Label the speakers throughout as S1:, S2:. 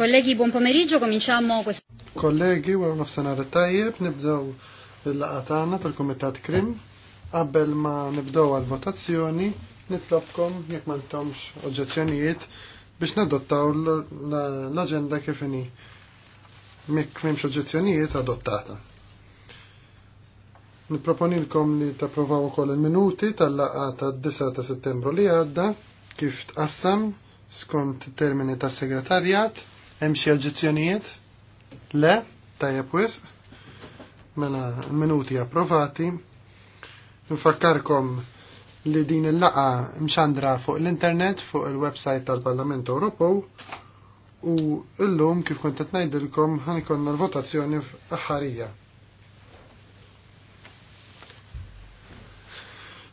S1: Kollegi, buon pomeriggio, cominciamo questo.
S2: Kollegi, għu nafsenar tajjeb, nibdow il-laqatana tal-Komitat Krim. Qabel ma nibdow għal-votazzjoni, nitlobkom jekk mantomx oġġezzjonijiet biex nadottaw l-agenda kif inhi. Mekk m'hemmx oġġezzjonijiet adottata. Nipproponilkom li tapprovaw ukoll il-minuti tal laqgħa ta' 9 ta' settembru li għadda kif tqassam skont termini ta' segretarjat Hemm xi oġġezzjonijiet? Le, tajjeb wisq. Mela minuti approvati. Nfakkarkom li din il-laqa mxandra fuq l-internet fuq il-website tal-Parlament Ewropew u llum kif kont qed ngħidilkom ħanikonna l-votazzjoni aħħarija.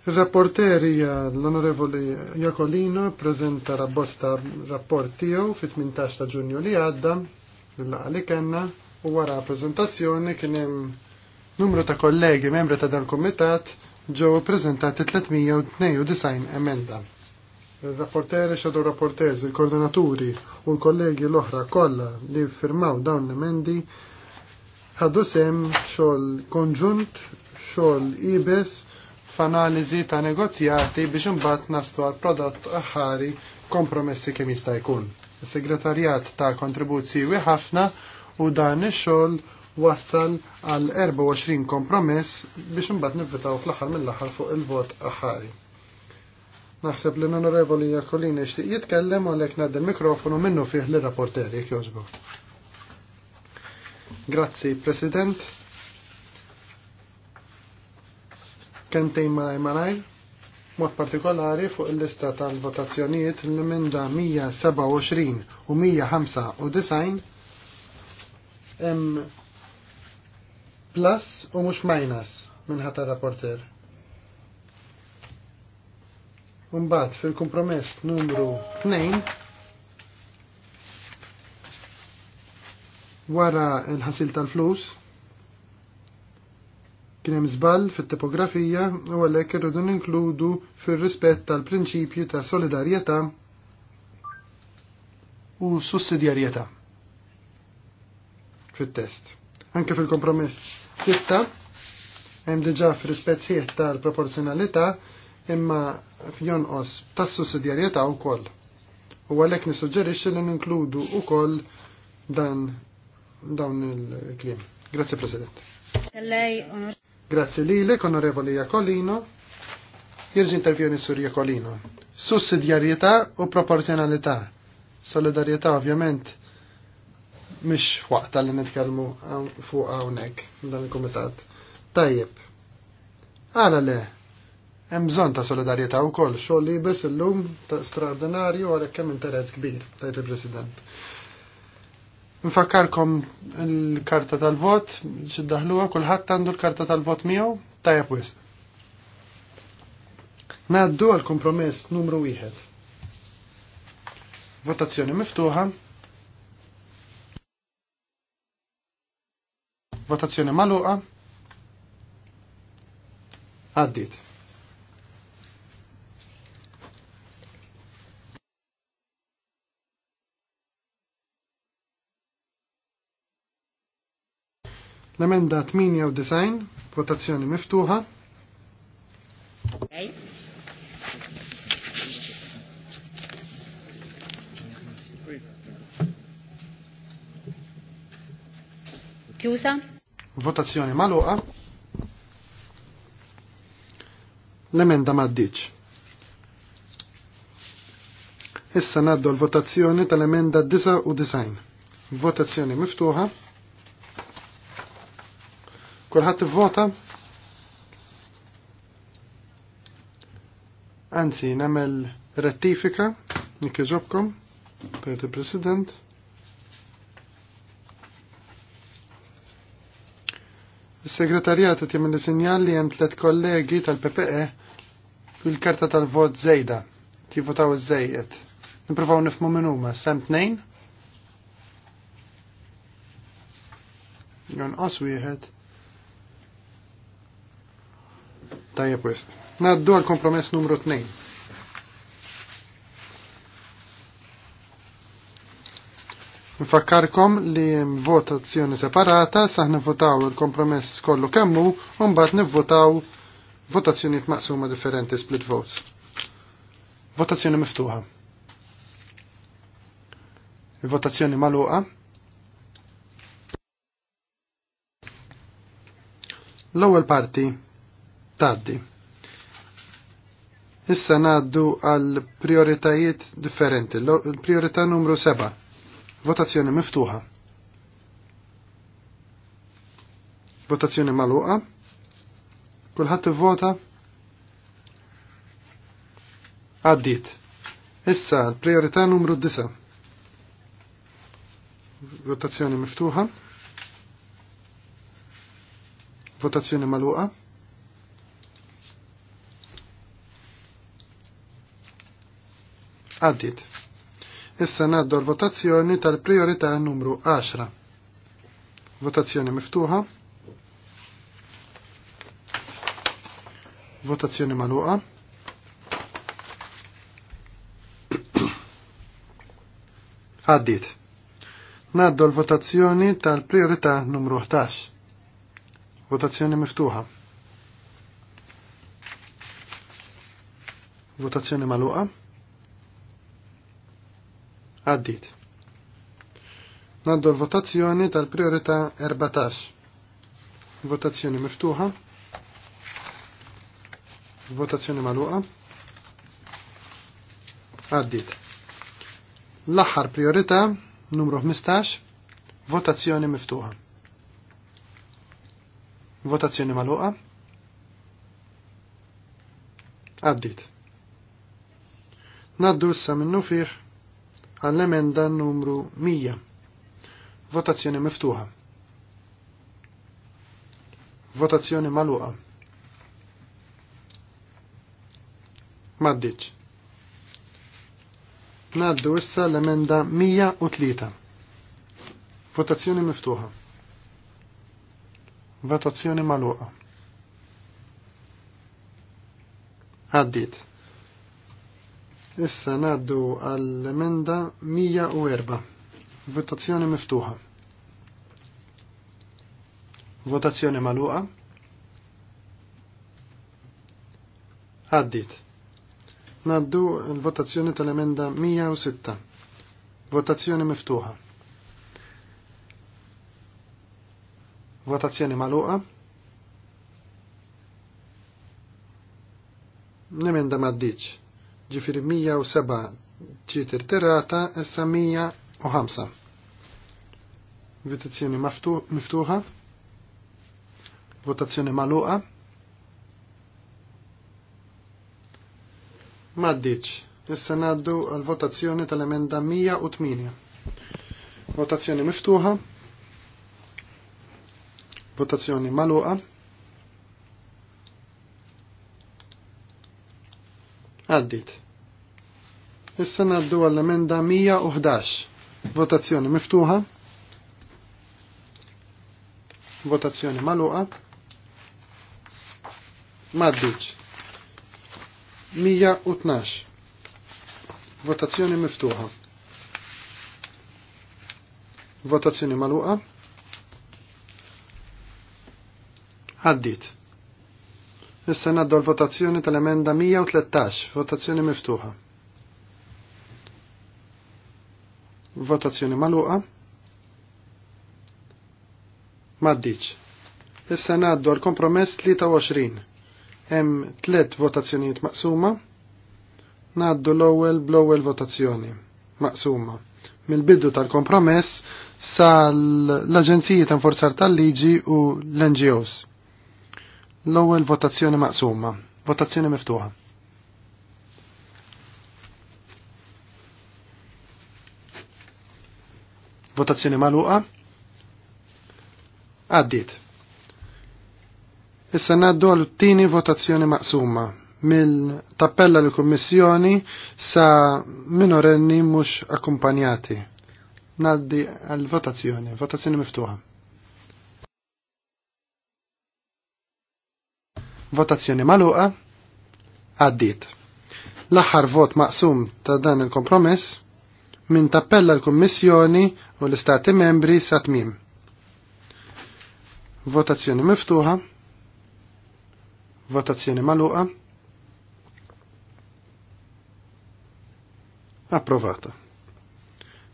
S2: Il-rapporteri l-Onorevoli Jacolino prezenta rabbosta rapport tiegħu fit-18 ta' Ġunju li għadda l-laqa li kellna u wara prezentazzjoni kien hemm numru ta' kollegi membri ta' dan kumitat ġew prezentati 392 emenda. Il-rapporteri xadu rapporteri, il-koordinaturi u l-kollegi l-oħra kollha li firmaw dawn l-emendi ħaddu sem xogħol konġunt, xogħol ibes, f'analiżi ta' negozjati biex imbagħad naslu għal prodott ħari kompromessi kemm jista' jkun. Is-segretarjat ta' kontribuzzi wi ħafna u dan ix-xogħol wassal għal 24 kompromess biex imbagħad nivvitaw fl-aħħar mill-aħħar fuq il-vot aħari. Naħseb li l-Onorevoli Jakolini xtiq jitkellem u għalhekk nad mikrofonu minnu fih l-rapporteri jek Grazzi, President. kentejn malaj malaj, mod partikolari fuq il-lista tal-votazzjonijiet l-emenda 127 u 195 hemm plus u mhux minus minħata rapporter. Umbat fil-kompromess numru 2 wara l ħasil tal-flus Kien hemm żball fit-tipografija u għalhekk irridu ninkludu fir-rispett tal-prinċipji ta' solidarjetà u sussidjarjetà fit-test. Anke fil-kompromess sitta hemm diġà fir-rispett sieħ tal-proporzjonalità imma f'jonqos tas-sussidjarjetà wkoll. U għalhekk nissuġġerixxi li ninkludu wkoll dan dawn il-kliem. Grazie President.
S1: Lei, onor
S2: Grazzi lille, Onorevoli onorevoli Jakolino, jirġi intervjoni sur Jacolino. Sussidjarjetà u proporzjonalità. Solidarjetà ovvjament mish waqta li nitkellmu fuq hawnhekk dan il-kumitat. Tajjeb. Għala le, hemm bżonn ta' solidarjetà wkoll xogħol li illum ta' straordinarju għalhekk hemm interess kbir, tajt il-President. Nfakkarkom il karta tal-vot, xiddaħluha, kulħadd għandu l-karta tal-vot miegħu, tajjeb wis. Naddu għal kompromess numru wieħed. Votazzjoni miftuħa. Votazzjoni maluqa. Għaddit. L-emenda 98, votazzjoni miftuħa.
S1: Okay. Chiusa.
S2: Votazzjoni maluqa. L-emenda maddiċ. Issa naddu l-votazzjoni tal-emenda 99. Votazzjoni miftuħa. Kulħadd ivvota? Anzi, nagħmel rettifika nikki ġobkom tajt il-President. Is-segretarjat qed jagħmel sinjal li hemm tliet kollegi tal-PPE fil-karta tal-vot żejda. Tivvotaw iż-żejjed. Nippruvaw nifhmu minn huma, sem tnejn? Jonqos wieħed Tajja pwest. Naddu għal kompromess numru 2. Nfakkarkom li votazzjoni separata saħ votaw il-kompromess kollu kemmu un mbagħad nivvotaw votazzjoni maqsuma differenti split votes. Votazzjoni miftuħa. Votazzjoni maluqa. L-ewwel parti taddi. Issa naddu għal prioritajiet differenti. Priorità numru 7. Votazzjoni miftuħa. Votazzjoni maluqa. Kulħadd ivvota. Għaddit. Issa l-priorità numru 9. Votazzjoni miftuħa. Votazzjoni maluqa. Għaddit. Issa naddu l-votazzjoni tal-priorità numru 10. Votazzjoni miftuħa. Votazzjoni maluqa. Għaddit. Naddu l-votazzjoni tal-priorità numru 11. Votazzjoni miftuħa. Votazzjoni maluqa. Għaddit. Naddu l-votazzjoni tal-priorità 14. Votazzjoni miftuħa. Votazzjoni maluqa. Għaddit. L-aħħar priorità numru 15. Votazzjoni miftuħa. Votazzjoni maluqa. Għaddit. Naddu issa minnu fih għall-emenda numru 100. Votazzjoni miftuħa. Votazzjoni maluqa. Maddiċ. Naddu issa l-emenda 103. Votazzjoni miftuħa. Votazzjoni maluqa. Għaddit. Issa naddu għall-emenda 104. Votazzjoni miftuħa. Votazzjoni maluqa. Għaddit. Naddu l-votazzjoni tal-emenda 106. Votazzjoni miftuħa. Votazzjoni maluqa. L-emenda maddiċ ġifiri 107 ġiet terrata essa 105. Votazzjoni miftuħa, votazzjoni maluqa. Maddiċ, issa naddu għal votazzjoni tal-emenda 108. Votazzjoni miftuħa, votazzjoni maluqa. Għaddit. Issa naddu għall-emenda 111. Votazzjoni miftuħa. Votazzjoni maluqa. Maddiċ. 112. Votazzjoni miftuħa. Votazzjoni maluqa. Għaddit. Issa naddu l-votazzjoni tal-emenda 113. Votazzjoni miftuħa. Votazzjoni maluqa. Maddiċ. Issa naddu għal kompromess 23. Hemm tliet votazzjonijiet maqsuma. Naddu l-ewwel bl-ewwel votazzjoni maqsuma. Mill-biddu tal-kompromess sal-Aġenziji ta' Forzar tal-Liġi u l-NGOs. L-ewwel votazzjoni maqsuma, votazzjoni miftuħa. Votazzjoni maluqa. Għaddit. Issa naddu għal tini votazzjoni maqsuma mill-tappella l kummissjoni sa minorenni mhux akkumpanjati. Naddi għal votazzjoni, votazzjoni miftuħa. Votazzjoni maluqa. Għaddit. L-aħħar vot maqsum ta' dan il-kompromess minn tappella l-Kommissjoni u l-Istati membri sa tmim. Votazzjoni miftuħa. Votazzjoni maluqa. Approvata.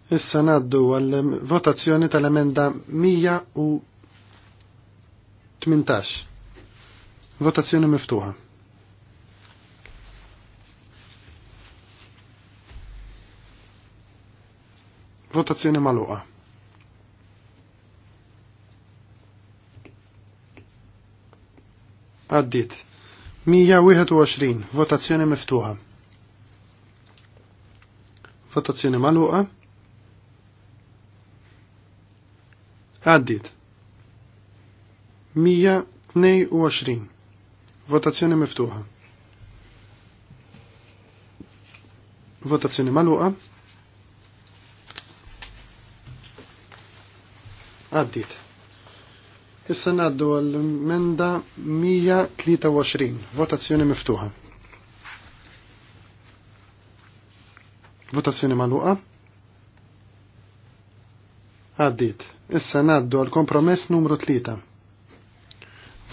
S2: Issa naddu għal-votazzjoni tal-emenda 118. Votazzjoni miftuħa. Votazzjoni maluqa. Għaddit. 121. Votazzjoni miftuħa. Votazzjoni maluqa. Għaddit. 122. Votazzjoni miftuħa. Votazzjoni maluqa. Għaddit. Issa naddu għal-menda 123, votazzjoni miftuħa. Votazzjoni maluqa. Għaddit. Issa naddu għal-kompromess numru 3.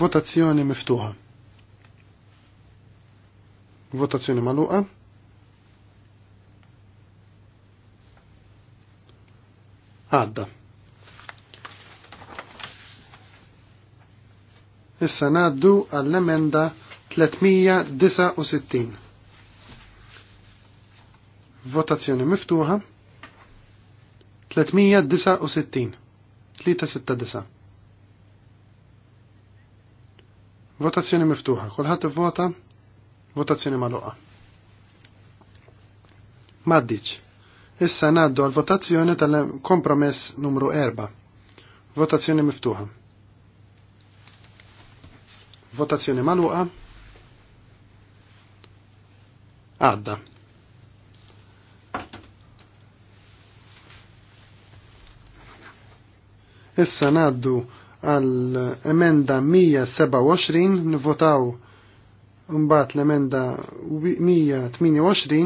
S2: Votazzjoni miftuħa. Votazzjoni maluqa. Għadda. Issa naddu għall-emenda 369. Votazzjoni miftuħa. 369. 369. Votazzjoni miftuħa. Kulħadd ivvota. Votazzjoni magħluqa. Maddiċ. Issa ngħaddu għal votazzjoni tal-kompromess numru 4. Votazzjoni miftuħa. Votazzjoni maluqa. Għadda. Issa naddu għal emenda 127 nivotaw mbagħad l-emenda 128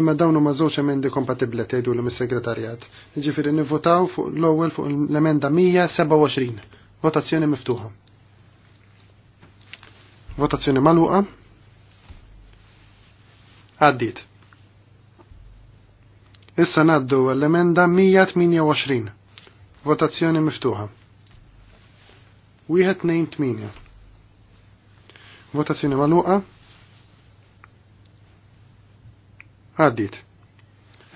S2: imma dawn huma żewġ emendi kompatibbli tgħidu l mis-segretarjat. Jiġifieri nivvotaw fuq l-ewwel fuq l-emenda 127. Votazzjoni miftuħa. Votazzjoni maluqa. Għaddit. Issa naddu l-emenda 128. Votazzjoni miftuħa. 1-2-8. Votazzjoni maluqa. Għaddit.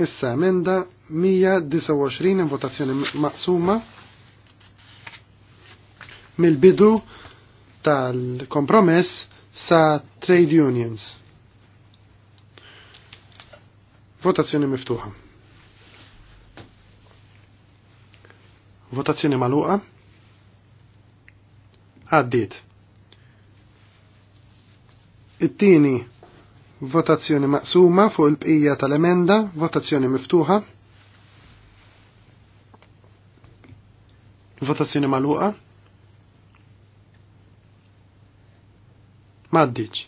S2: Issa emenda 129 votazzjoni maqsuma. Mil-bidu tal-kompromess sa trade unions. Votazzjoni miftuħa. Votazzjoni maluqa. Għaddit. It-tieni votazzjoni maqsuma fuq il-bqija tal-emenda, votazzjoni miftuħa. Votazzjoni maluqa. Maddiċ.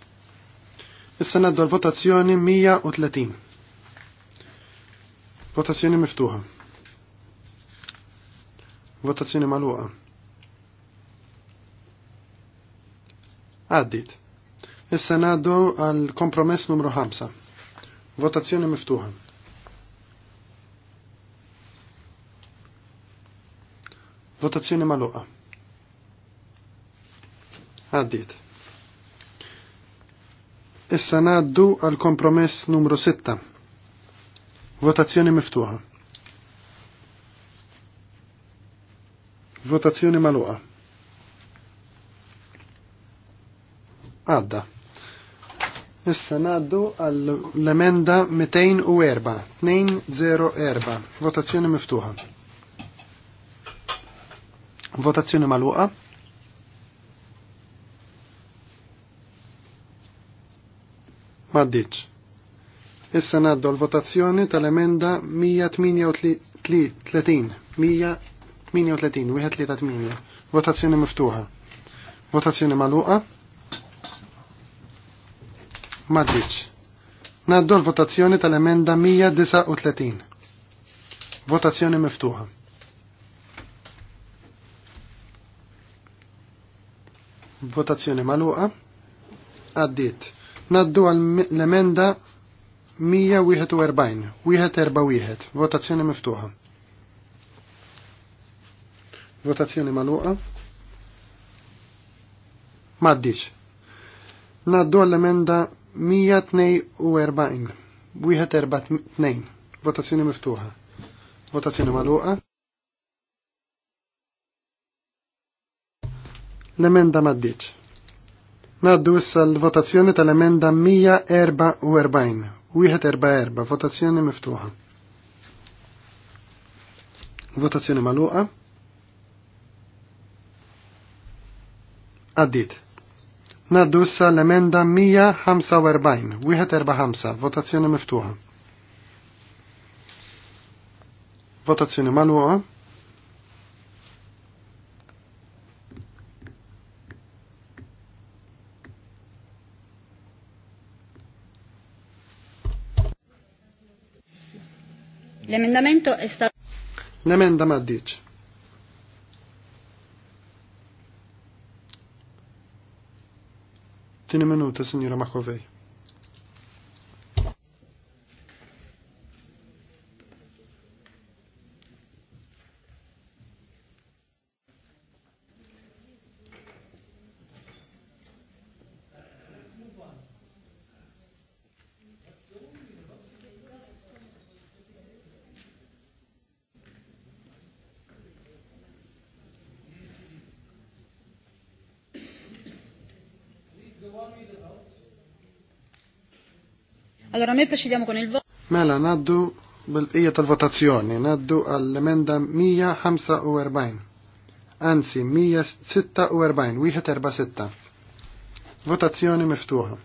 S2: Issa naddu l-votazzjoni 130. Votazzjoni miftuħa. Votazzjoni maluqa. Għaddit. Issa naddu għal kompromess numru 5. Votazzjoni miftuħa. Votazzjoni maluqa. Għaddit. Issa naddu għal kompromess numru 6. Votazzjoni miftuħa. Votazzjoni maluqa. Għadda. Issa naddu għall-emenda 204. 204. Votazzjoni miftuħa. Votazzjoni maluqa. Maddiċ. Issa naddu l-votazzjoni tal-emenda 138. 138, Votazzjoni miftuħa. Votazzjoni maluqa. Maddiċ. Naddu l-votazzjoni tal-emenda 139. Votazzjoni miftuħa. Votazzjoni maluqa. Għaddit. Naddu għal l-emenda 141, 141, votazzjoni miftuħa. Votazzjoni maluqa. Maddiċ. Naddu għal l-emenda 142, 142, votazzjoni miftuħa. Votazzjoni maluqa. L-emenda maddiċ. Naddu issa l-votazzjoni tal-emenda 144. 144, votazzjoni miftuħa. Votazzjoni maluqa. Addit. Naddu issa l-emenda 145. 145, votazzjoni miftuħa. Votazzjoni maluqa.
S1: L-emendamento è stato...
S2: L-emenda ma ddiċ. Tini minuta, signora Makovej.
S1: Allora noi procediamo con il voto.
S2: Mela, naddu bil-qija tal-votazzjoni, naddu għall-emenda 145. Anzi, 146, 146. Votazzjoni miftuħa.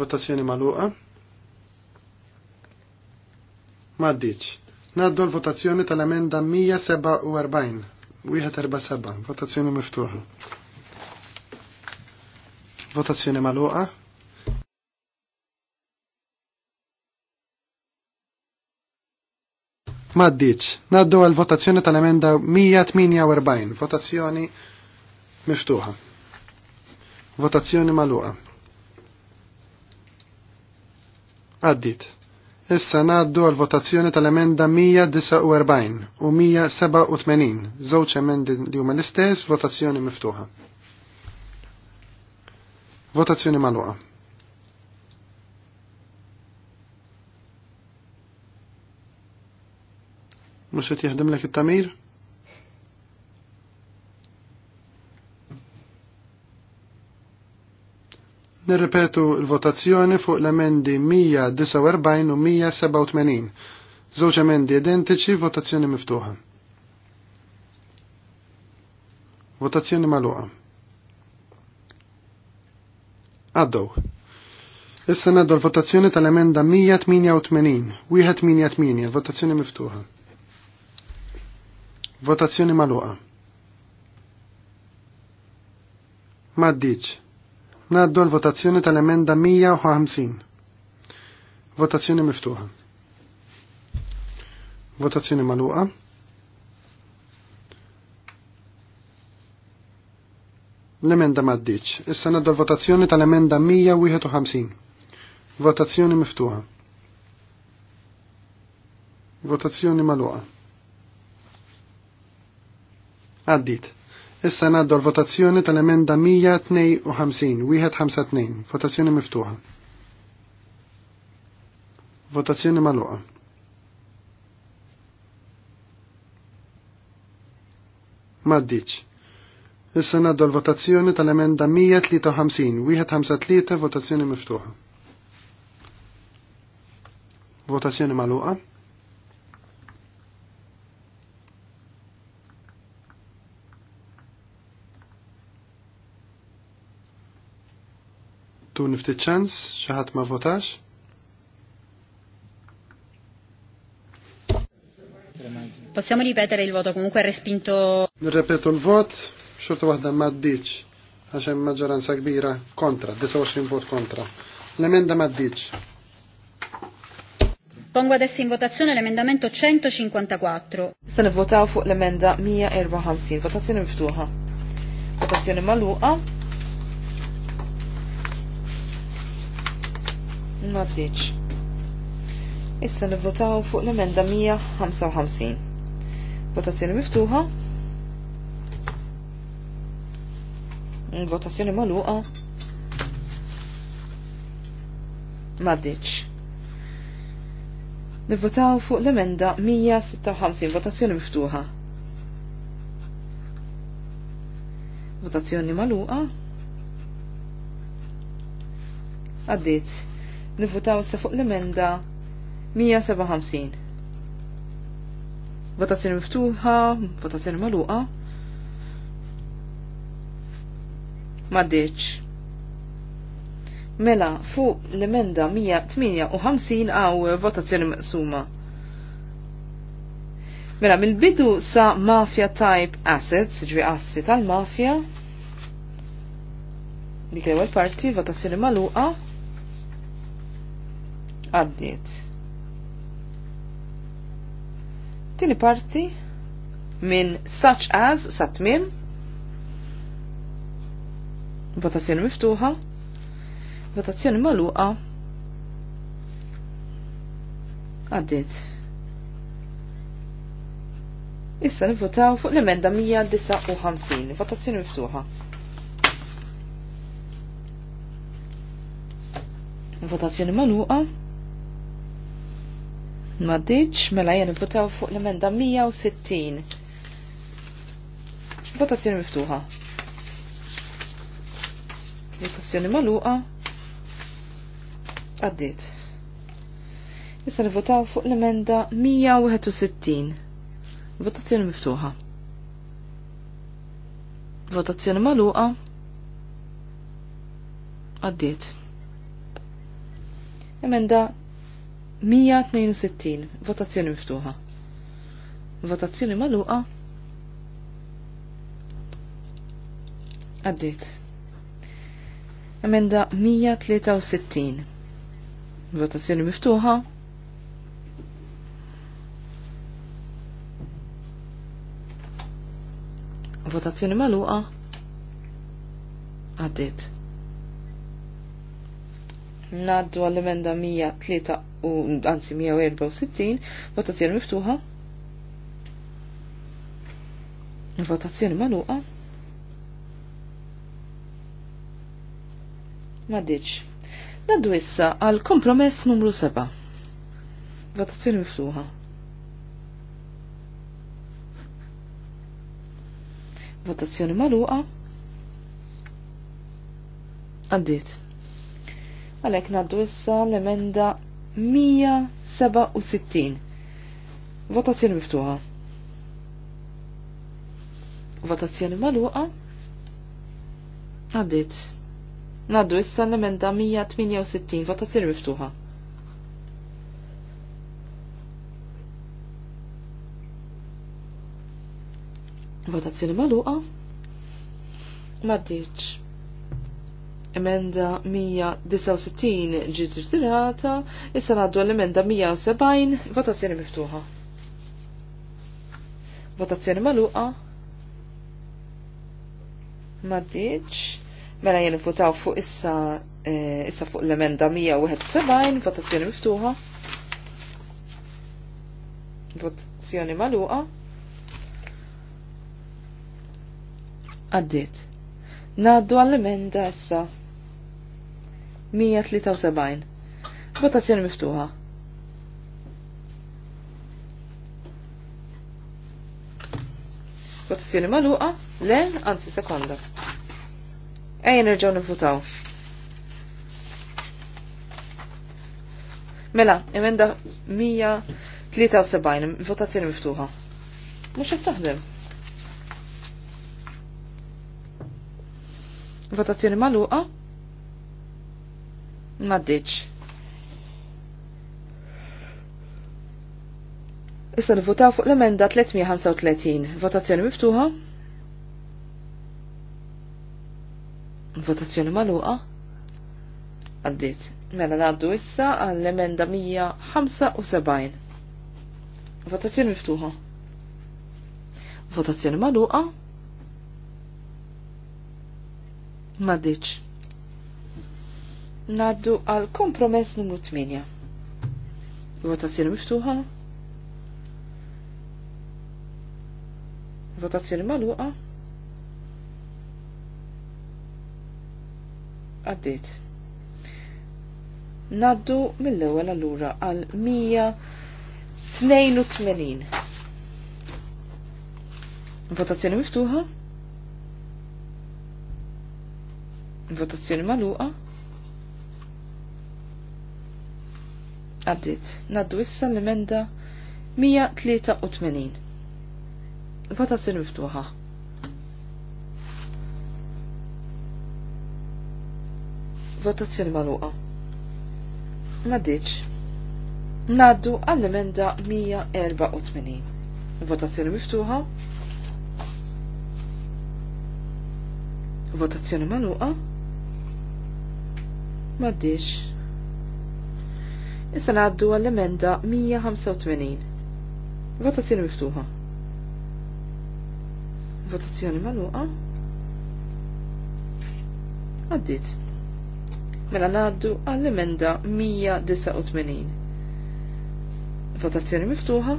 S2: Votazzjoni maluqa. Maddiċ. Naddu l-votazzjoni tal-emenda 147, 147. Votazzjoni miftuħa. Votazzjoni maluqa. Maddiċ. Naddu għal votazzjoni tal-emenda 148. Votazzjoni miftuħa. Votazzjoni maluqa. Addit. Issa naddu għal votazzjoni tal-emenda 149 u 187. Żewġ emendi li huma l-istess, votazzjoni miftuħa. Votazzjoni maluqa. Mux qed jaħdem lek it-tamir? Nirripetu l-votazzjoni fuq l-emendi 149 u 187. Żewġ emendi identiċi, votazzjoni miftuħa. Votazzjoni maluqa għaddew. Issa naddu l-votazzjoni tal-emenda 188, 188, votazzjoni miftuħa. Votazzjoni maluqa. Maddiċ. Naddu l-votazzjoni tal-emenda 150. Votazzjoni miftuħa. Votazzjoni maluqa. L-emenda maddiċ. Issa naddu l-votazzjoni tal-emenda 151. Votazzjoni miftuħa. Votazzjoni maluqa. Għaddit. Issa naddu l-votazzjoni tal-emenda 152, 152, votazzjoni miftuħa. Votazzjoni maluqa. Maddiċ. Issa naddu l-votazzjoni tal-emenda 153, 153 votazzjoni miftuħa. Votazzjoni maluqa. Tu niftit ċans, xaħat ma votax.
S1: Possiamo ripetere il voto, comunque respinto.
S2: Ripeto il voto xorta waħda maddiċ għax hemm maġġoranza kbira kontra, 29 vot kontra. L-emenda maddiċ.
S1: Pongo adesso in votazione l'emendamento 154. Se ne votaw fuq l-emenda 154,
S3: votazzjoni miftuħa. Votazzjoni maluqa. Maddiċ. Issa nivvotaw fuq l-emenda 155. Votazzjoni miftuħa. votazzjoni maluqa maddiċ. Nivvotaw fuq l-emenda 156 votazzjoni miftuħa. Votazzjoni maluqa għaddit. Nivvotaw sa fuq l-emenda 157. Votazzjoni miftuħa, votazzjoni maluqa. maddiċ. Mela, fuq l-emenda 158 għaw votazzjoni maqsuma. Mela, mill-bidu sa mafia type assets, ġvi assi tal-mafia, dik l-ewwel parti votazzjoni magħluqa għaddiet. Tieni parti minn such as sa tmiem Votazzjoni miftuħa. Votazzjoni maluqa. Għaddit. Issa nivvotaw fuq l-emenda 159. Votazzjoni miftuħa. Votazzjoni maluqa. Maddiċ, mela jen votaw fuq l-emenda 160. Votazzjoni miftuħa. Votazzjoni maluqa. Għaddit. Issa nivotaw fuq l-emenda 161. Votazzjoni miftuħa. Votazzjoni maluqa. għaddit. Emenda 162. Votazzjoni miftuħa. Votazzjoni maluqa. għaddit. Emenda 163. Votazzjoni miftuħa. Votazzjoni maluqa. Għaddit. Naddu għall-emenda 103 anzi 164. Votazzjoni miftuħa. Votazzjoni maluqa. Madiċ. Naddu issa għal kompromess numru 7. Votazzjoni miftuħa. Votazzjoni maluqa. Għaddit. Għalek naddu issa l-emenda 167. Votazzjoni miftuħa. Votazzjoni maluqa. Għaddit. Naddu issa l-emenda 168 votazzjoni miftuħa. Votazzjoni maluqa. Maddiċ. Emenda 169 ġiet ritirata, issa naddu l-emenda 170 votazzjoni miftuħa. Votazzjoni maluqa. Maddiċ Mela jen votaw fuq issa eh, issa fuq l-emenda 171, votazzjoni miftuħa. Votazzjoni maluqa. Għaddit. Naddu għall-emenda issa 173. Votazzjoni miftuħa. Votazzjoni maluqa? Le, anzi sekonda. Ejn nerġgħu nifutaw. Mela, emenda 173, votazzjoni miftuħa. Mhux qed taħdem. Votazzjoni magħluqa? Maddiċ. Issa nifutaw fuq l-emenda 335, votazzjoni miftuħa. Votazzjoni maluqa? Għaddit. Mela naddu issa għall-emenda 175. Votazzjoni miftuħa. Votazzjoni maluqa? Maddiċ. Naddu għal kompromess numru 8. Votazzjoni miftuħa. Votazzjoni maluqa? għaddit. Naddu mill-ewwel allura għal 182. Votazzjoni miftuħa? Votazzjoni magħluqa? Għaddit. Naddu issa l-emenda 183. Votazzjoni miftuħa. Votazzjoni maluqa. diċ. Naddu għall-emenda 184. Votazzjoni miftuħa. Votazzjoni maluqa. diċ. Issa naddu għall-emenda 185. Votazzjoni miftuħa. Votazzjoni maluqa. Għaddit. Mela naddu għall-emenda 189. Votazzjoni miftuħa.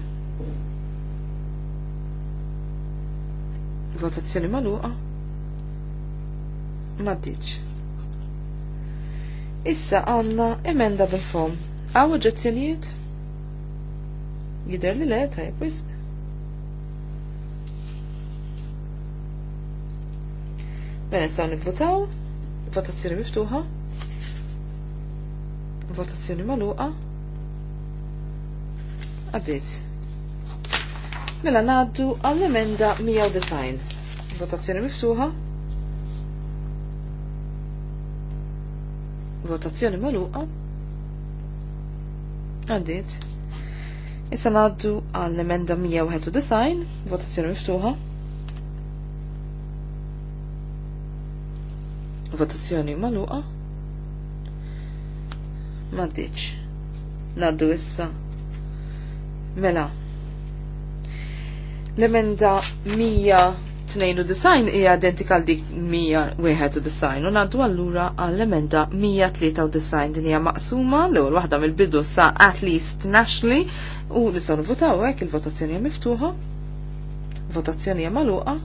S3: Votazzjoni maluqa. Maddiċ. Issa għanna emenda bil-fom. Għaw oġezzjonijiet? Jider li le, tajb, wisb. Mela nistaw nivvotaw, votazzjoni miftuħa. Votazzjoni maluqa. Għaddit. Mela naddu għall-emenda 190. Votazzjoni mifsuħa. Votazzjoni maluqa. Għaddit. Issa naddu għall-emenda 191. Votazzjoni mifsuħa. Votazzjoni maluqa maddiċ. Naddu issa. Mela. L-emenda 192 hija identika l dik 191 u naddu allura għall emenda 193 din hija maqsuma l-ewwel waħda mill-bidu sa at least nationally u nistgħu nivvutaw hekk il-votazzjoni hija miftuħa. Votazzjoni hija magħluqa.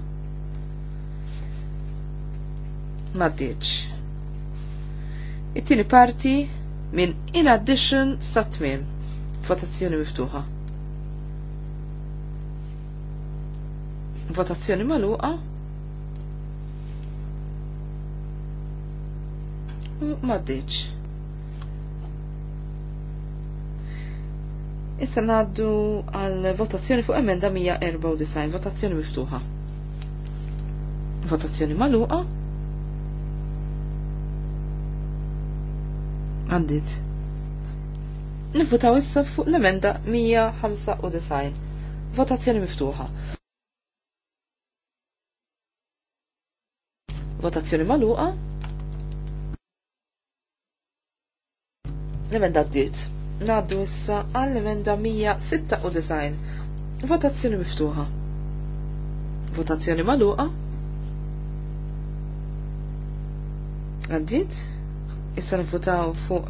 S3: Maddiċ. It-tieni parti minn in addition sa tmiem. Votazzjoni miftuħa. Votazzjoni maluqa. Maddiċ. Issa naddu għal votazzjoni fuq emenda 194, votazzjoni miftuħa. Votazzjoni maluqa. Għandit. Nifutaw issa fuq l-emenda 195. Votazzjoni miftuħa. Votazzjoni maluqa. L-emenda għaddit. Naddu issa għall-emenda 196. Votazzjoni miftuħa. Votazzjoni maluqa. Għaddit? Issa nifutaw fuq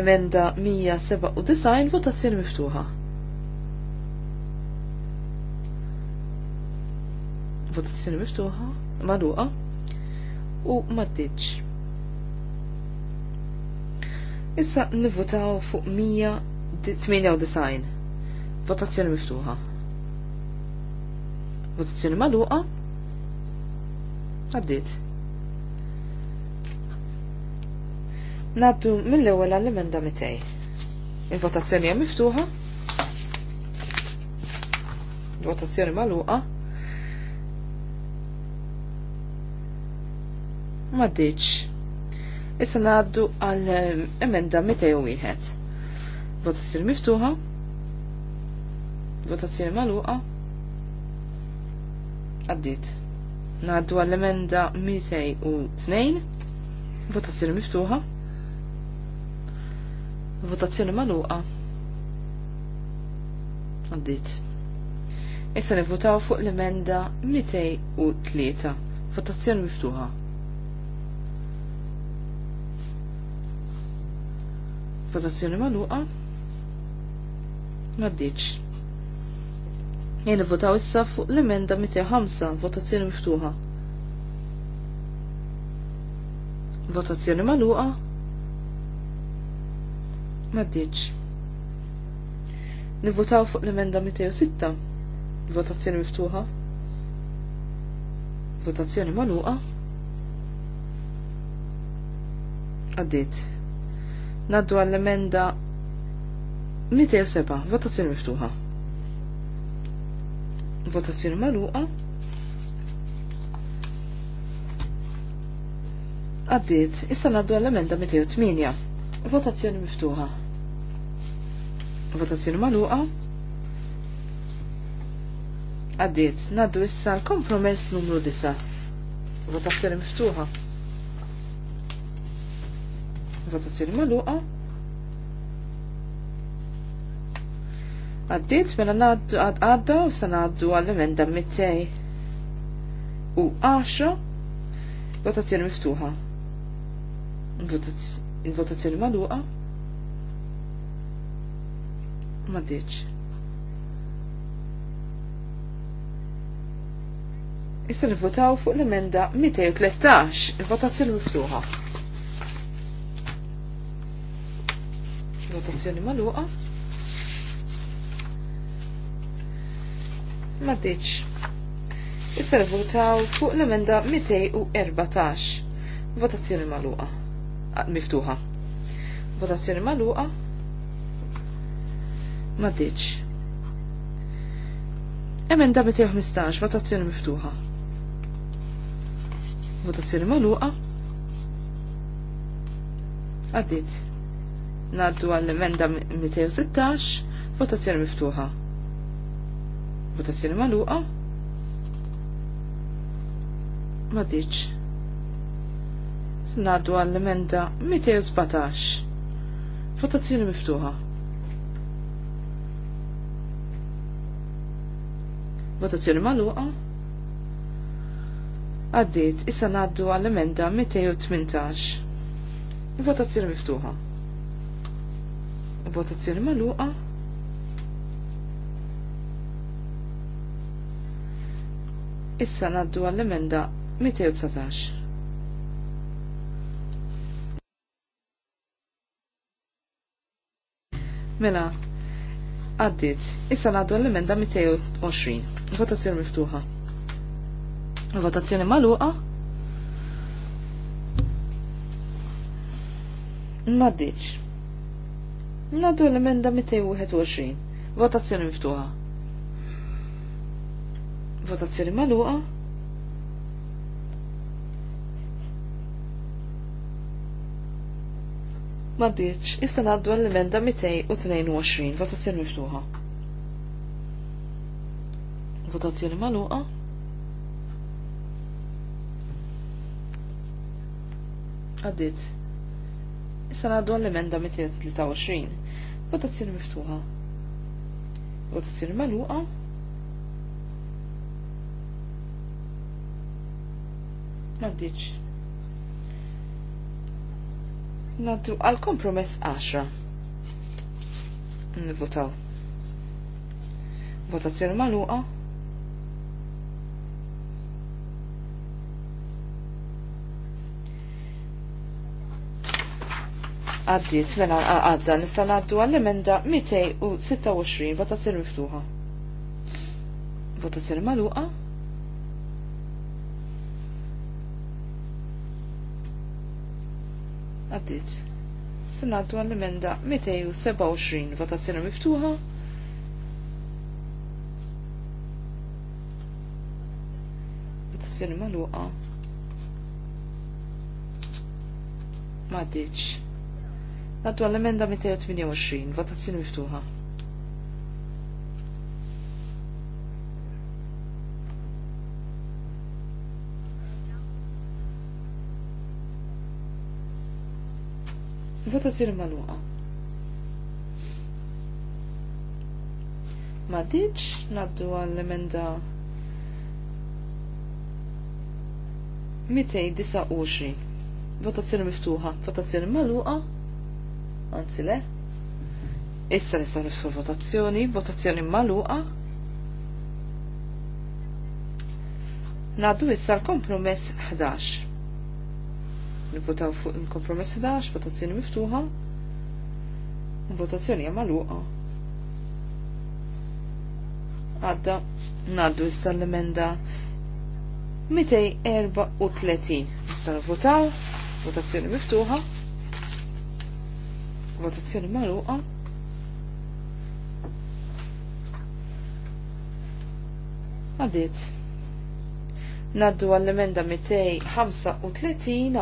S3: emenda 197 votazzjoni miftuħa. Votazzjoni miftuħa, maluqa u maddiċ. Issa nivvotaw fuq 198. Votazzjoni miftuħa. Votazzjoni maluqa. Għaddit. Nabdu mill-ewwel għall-emenda mitej. Il-votazzjoni hija miftuħa. Votazzjoni magħluqa. Ma ddiċ. Issa ngħaddu għall-emenda mitej wieħed. Votazzjoni miftuħa. Votazzjoni magħluqa. Għaddiet. Ngħaddu għall-emenda mitej u tnejn. Votazzjoni miftuħa. Votazzjoni maluqa. Għaddit. Issa nivvotaw fuq l-emenda 203. Votazzjoni miftuħa. Votazzjoni maluqa. Għaddit. Jien votaw issa fuq l-emenda 205. Votazzjoni miftuħa. Votazzjoni maluqa. Maddiċ. Nivvotaw fuq l-emenda 206. Votazzjoni miftuħa. Votazzjoni maluqa. Għaddit. Naddu għall-emenda 207. Votazzjoni miftuħa. Votazzjoni maluqa. Għaddit. Issa naddu għall-emenda 208. Votazzjoni miftuħa. Votazzjoni maluqa. Għaddiet, naddu issa l-kompromess numru 9. Votazzjoni miftuħa. Votazzjoni maluqa. Għaddiet, mela naddu għadda u sa naddu għall-emenda mittej. u 10 votazzjoni miftuħa. Il-votazzjoni maluqa ma diċ. Issa nivvotaw fuq l-emenda 213, il-votazzjoni miftuħa. Votazzjoni maluqa. Ma diċ. Issa nivvotaw fuq l-emenda 214, votazzjoni maluqa. Ah, miftuħa. Votazzjoni maluqa ma ditx. Emenda 215, votazzjoni miftuħa. Votazzjoni maluqa. Għaddit. Naddu għall-emenda 216, votazzjoni miftuħa. Votazzjoni maluqa. Ma ditx. Ngħaddu għall-emenda 217. Votazzjoni miftuħa. Votazzjoni maluqa. Għaddit, issa naddu għall-emenda 218. Votazzjoni miftuħa. Votazzjoni maluqa. Issa naddu għall-emenda 219. Mela, għaddit. Issa għaddu l-emenda 220. Votazzjoni miftuħa. Votazzjoni maluqa. Naddiċ. Naddu l-emenda 221. Votazzjoni miftuħa. Votazzjoni maluqa. Maddiċ, issa naddu l-emenda 222, votazzjoni miftuħa. Votazzjoni maluqa. Għaddit. Issa naddu l-emenda 223, votazzjoni miftuħa. Votazzjoni maluqa. Maddiċ. Naddu għal kompromess 10. Nivvotaw. Votazzjoni maluqa. Għaddiet, mela għadda nista' naddu għall-emenda 226 votazzjoni miftuħa. Votazzjoni maluqa. għaddit. Senaddu għall-emenda 227 votazzjoni miftuħa. Votazzjoni maluqa. Maddiċ. Naddu għall-emenda 228 votazzjoni miftuħa. Votazzjoni maluqa. Ma diċ naddu għall-emenda 229. Votazzjoni miftuħa, votazzjoni maluqa. Anzi le. Issa nistgħu nifsu votazzjoni, votazzjoni maluqa. Naddu issa l-kompromess 11. Nivvotaw fuq il-kompromess 11, votazzjoni miftuħa. Votazzjoni hija magħluqa. Għadda ngħaddu issa l-emenda 234. Nista' nivvotaw, votazzjoni miftuħa. Votazzjoni magħluqa. Għaddiet. Naddu għall-emenda 235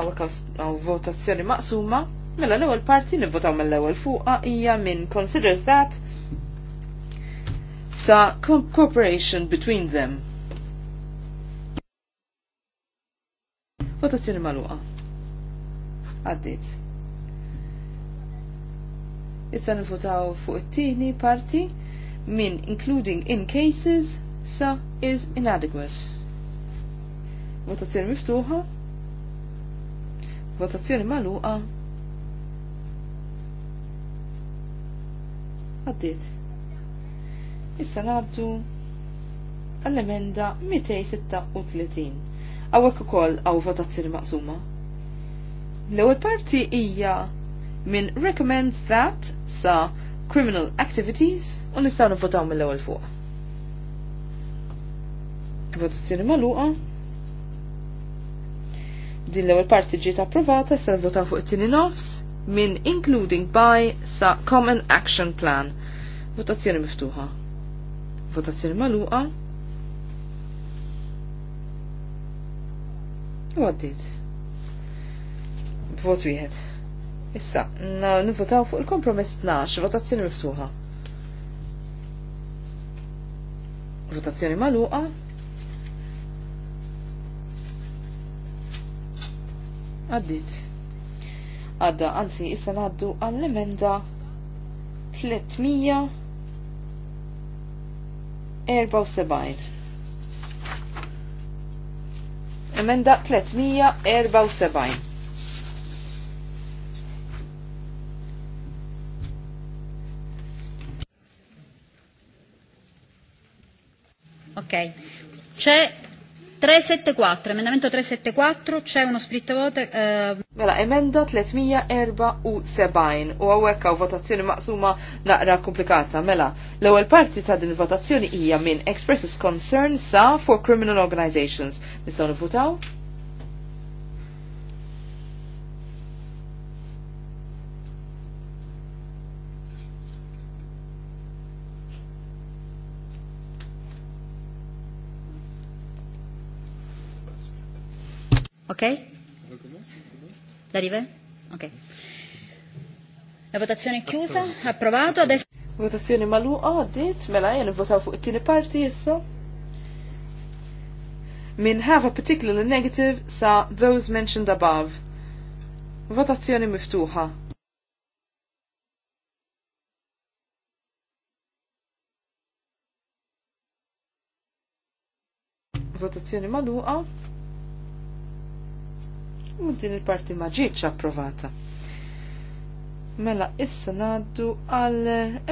S3: għaw votazzjoni maqsuma, mela l-ewwel parti nivvotaw mill-ewwel fuqa hija minn considers that sa cooperation between them. Votazzjoni maluqa. Għaddit. Issa nivvotaw fuq it-tieni parti minn including in cases sa is inadequate. Votazzjoni miftuħa. Votazzjoni maluqa. Għaddit. Issa naddu għall-emenda 236. Għawek koll għaw votazzjoni maqsuma. L-ewwel parti hija minn recommend that sa criminal activities u nistgħu nivvotaw mill-ewwel fuq. Votazzjoni magħluqa. Din l-ewwel parti ġiet approvata se nvotaw fuq it-tieni nofs minn including by sa Common Action Plan. Votazzjoni miftuħa. Votazzjoni magħluqa. U għaddit. Vot wieħed. Issa, nivvotaw fuq il-kompromess 12, votazzjoni miftuħa. Votazzjoni magħluqa? Għaddit. Għadda, għanzi, issa għaddu għall-emenda 374. Emenda 374.
S1: Ok. C'è 374, emendamento 374, c'è uno split vote. Uh... Mela, emenda
S3: 374 u għawek għaw votazzjoni maqsuma naqra komplikata. Mela, l ewwel parti ta' din votazzjoni hija minn expresses concern sa' for criminal organizations. Nistaw nifutaw?
S1: Ok? D'arrive? Ok. La votazione è chiusa, approvato, adesso... Votazzjoni maluqa
S3: me mela jene votaw fuq it-tieni parti issa. Min have a particular negative sa those mentioned above. Votazzjoni miftuħa. Votazzjoni maluqa u din il-parti ma ġietx approvata. Mela issa naddu għal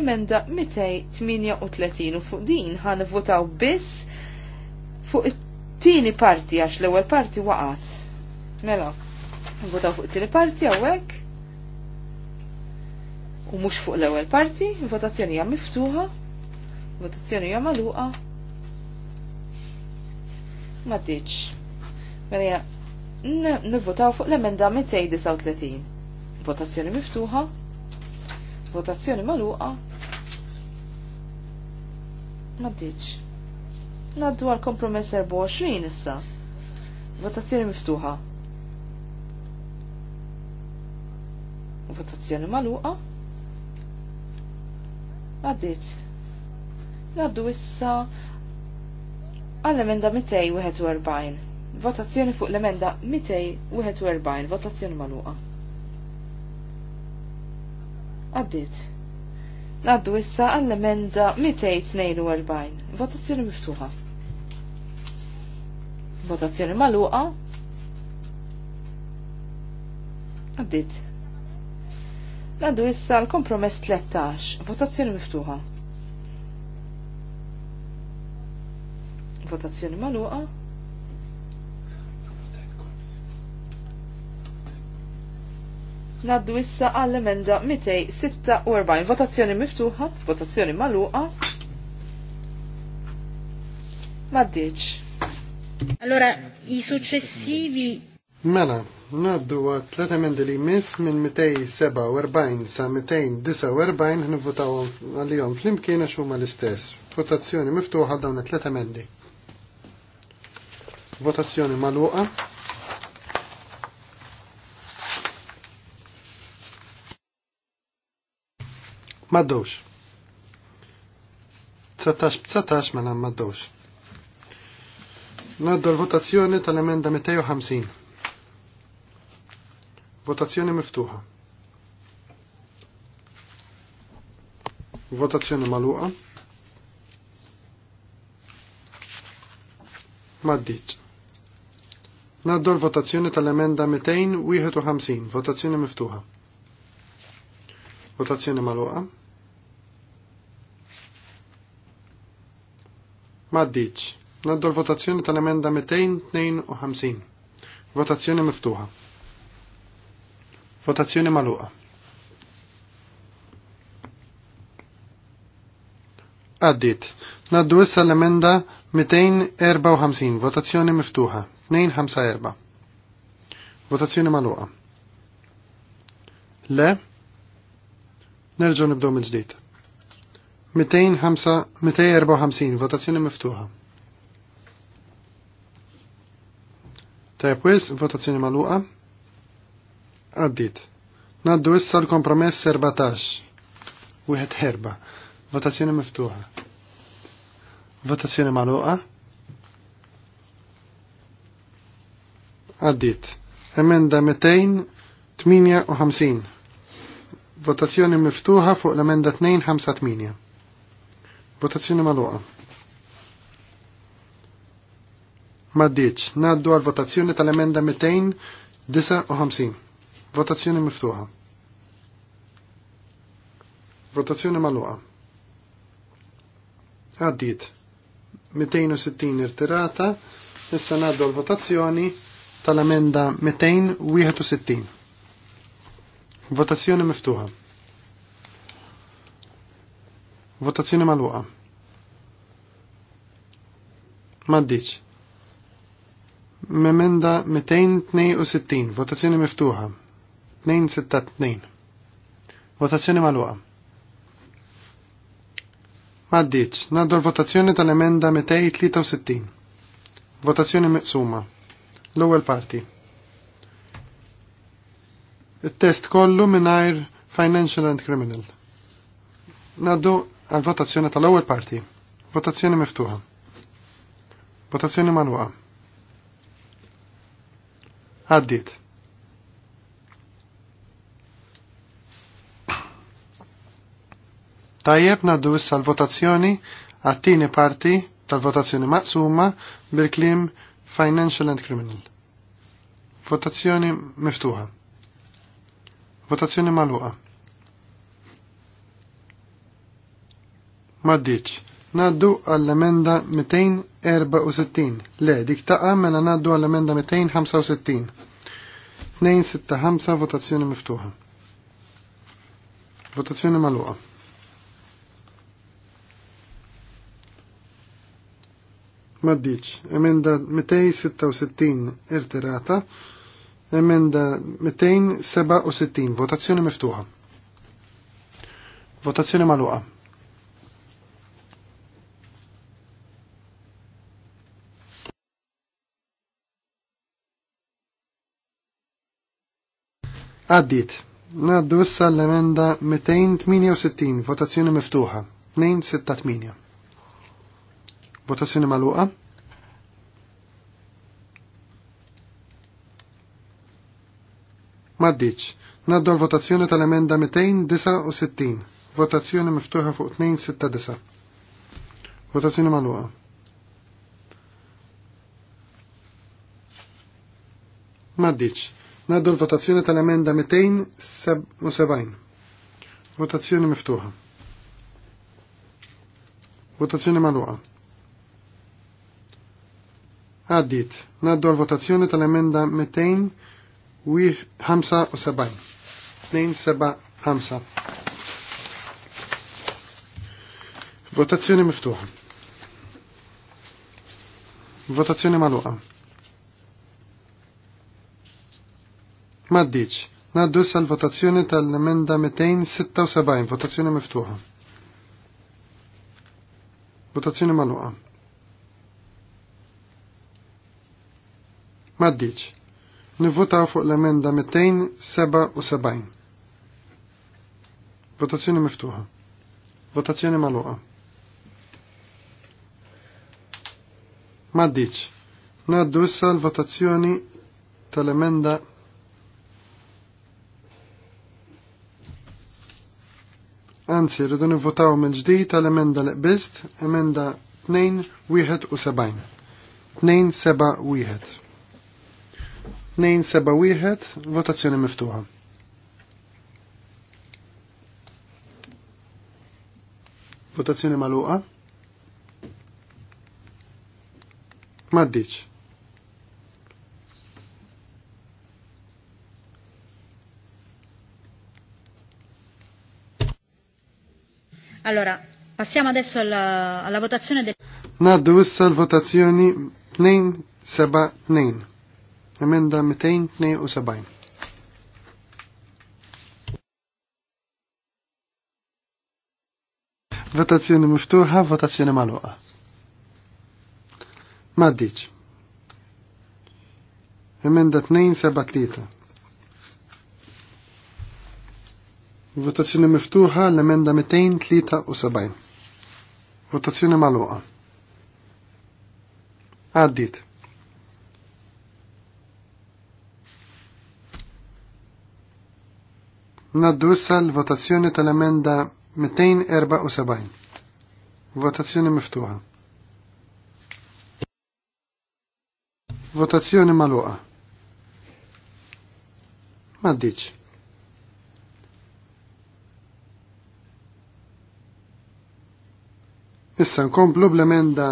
S3: emenda 238 u fuq din ħan votaw biss fuq it-tieni parti għax l-ewwel parti waqat. Mela, votaw fuq it-tieni parti hawnhekk u mhux fuq l-ewwel parti, votazzjoni hija miftuħa, votazzjoni hija magħluqa. Ma ditx. Mela nivvotaw fuq l-emenda 39. Votazzjoni miftuħa, votazzjoni maluqa, ma ditx. Naddu għal kompromess 24 issa. Votazzjoni miftuħa. Votazzjoni maluqa. Għaddit. Naddu issa għall-emenda 41. Votazzjoni fuq l-emenda 241, votazzjoni maluqa. Għaddit. Naddu issa għall-emenda 242, votazzjoni miftuħa. Votazzjoni maluqa. Għaddit. Naddu issa għall kompromess 13, votazzjoni miftuħa. Votazzjoni maluqa. Naddu issa għall-emenda 246. Votazzjoni miftuħa, votazzjoni maluqa.
S1: Maddiċ. Allora, i successivi.
S2: Mela, naddu għat tlet emendi li jmiss minn 247 sa 249 nivvotaw għal-jom fl-imkien għax huma l-istess. Votazzjoni miftuħa dawn it-tlet emendi. Votazzjoni maluqa. Maddux. 19 19 mela maddux. Naddu l-votazzjoni tal-emenda 250. Votazzjoni miftuħa. Votazzjoni maluqa. Maddiċ. Naddu l-votazzjoni tal-emenda 251. Votazzjoni miftuħa. Votazzjoni maluqa. Maddiċ. Naddu l-votazzjoni tal-emenda 252. Votazzjoni miftuħa. Votazzjoni maluqa. Għaddit. Naddu issa l-emenda 254. Votazzjoni miftuħa. 254. Votazzjoni maluqa. Le. Nerġu nibdow minn ġdid. 254 votazzjoni miftuħa. Tajpwis, votazzjoni maluqa. Għaddit. Naddu issa l-kompromess 14. Wieħed herba. Votazzjoni miftuħa. Votazzjoni maluqa. Għaddit. Emenda 258. Votazzjoni miftuħa fuq l-emenda 258. Votazzjoni maluqa. Maddiċ, naddu għal votazzjoni tal-emenda 259. Votazzjoni miftuħa. Votazzjoni maluqa. Għaddit. 260 irtirata. Issa naddu għal votazzjoni tal-emenda 261. Votazzjoni miftuħa. Votazzjoni maluqa. Maddiċ. Memenda 262, votazzjoni miftuħa. 262. Votazzjoni maluqa. Maddiċ, naddu l-votazzjoni tal-emenda 263. Votazzjoni miqsuma. L-ewwel parti. Il-test kollu minnajr Financial and Criminal. Naddu għal-votazzjoni tal-ewwel parti. Votazzjoni miftuħa. Votazzjoni manuqa. Għaddit. Tajjeb naddu issa l-votazzjoni għattini parti tal-votazzjoni maqsuma bil-klim Financial and Criminal. Votazzjoni miftuħa. Votazzjoni maluqa. Maddiċ. Naddu għall-emenda 264. Le, dik taqa mela naddu għall-emenda 265. 265 votazzjoni miftuħa. Votazzjoni maluqa. Maddiċ. Emenda 266 irterata. Emenda 267, votazzjoni miftuħa. Votazzjoni maluqa. Għaddit. Naddu issa l-emenda 268, votazzjoni miftuħa. 268. Votazzjoni maluqa. Maddiċ. Naddu l-votazzjoni tal-emenda 269. Votazzjoni miftuħa fuq 269. Votazzjoni maluqa. Maddiċ. Naddu l-votazzjoni tal-emenda 270. Votazzjoni miftuħa. Votazzjoni maluqa. Għaddit. Naddu l-votazzjoni tal-emenda 200 275. Votazzjoni miftuħa. Votazzjoni maluqa. Maddiċ. Naddu sal votazzjoni tal-emenda 276. Votazzjoni miftuħa. Votazzjoni maluqa. Maddiċ. Nivvotaw fuq l-emenda 277. Votazzjoni miftuħa. Votazzjoni maluqa. Maddiċ. Naddu issa l-votazzjoni tal-emenda Anzi, rridu nivvotaw mill ġdid tal-emenda li qbist emenda 271. 271. 271 votazzjoni miftuħa. Votazzjoni maluqa. Maddiċ.
S1: Allora, passiamo adesso alla, alla votazione del...
S2: Naddu issa l-votazzjoni 272. Emenda 272. Votazzjoni miftuħa, votazzjoni maluqa. Maddiċ. Emenda 273. Votazzjoni miftuħa l-emenda 273. Votazzjoni maluqa. Għaddit. Naddu l-votazzjoni tal-emenda 274. Votazzjoni miftuħa. Votazzjoni maluqa. Maddiċ. Issa nkomplu bl-emenda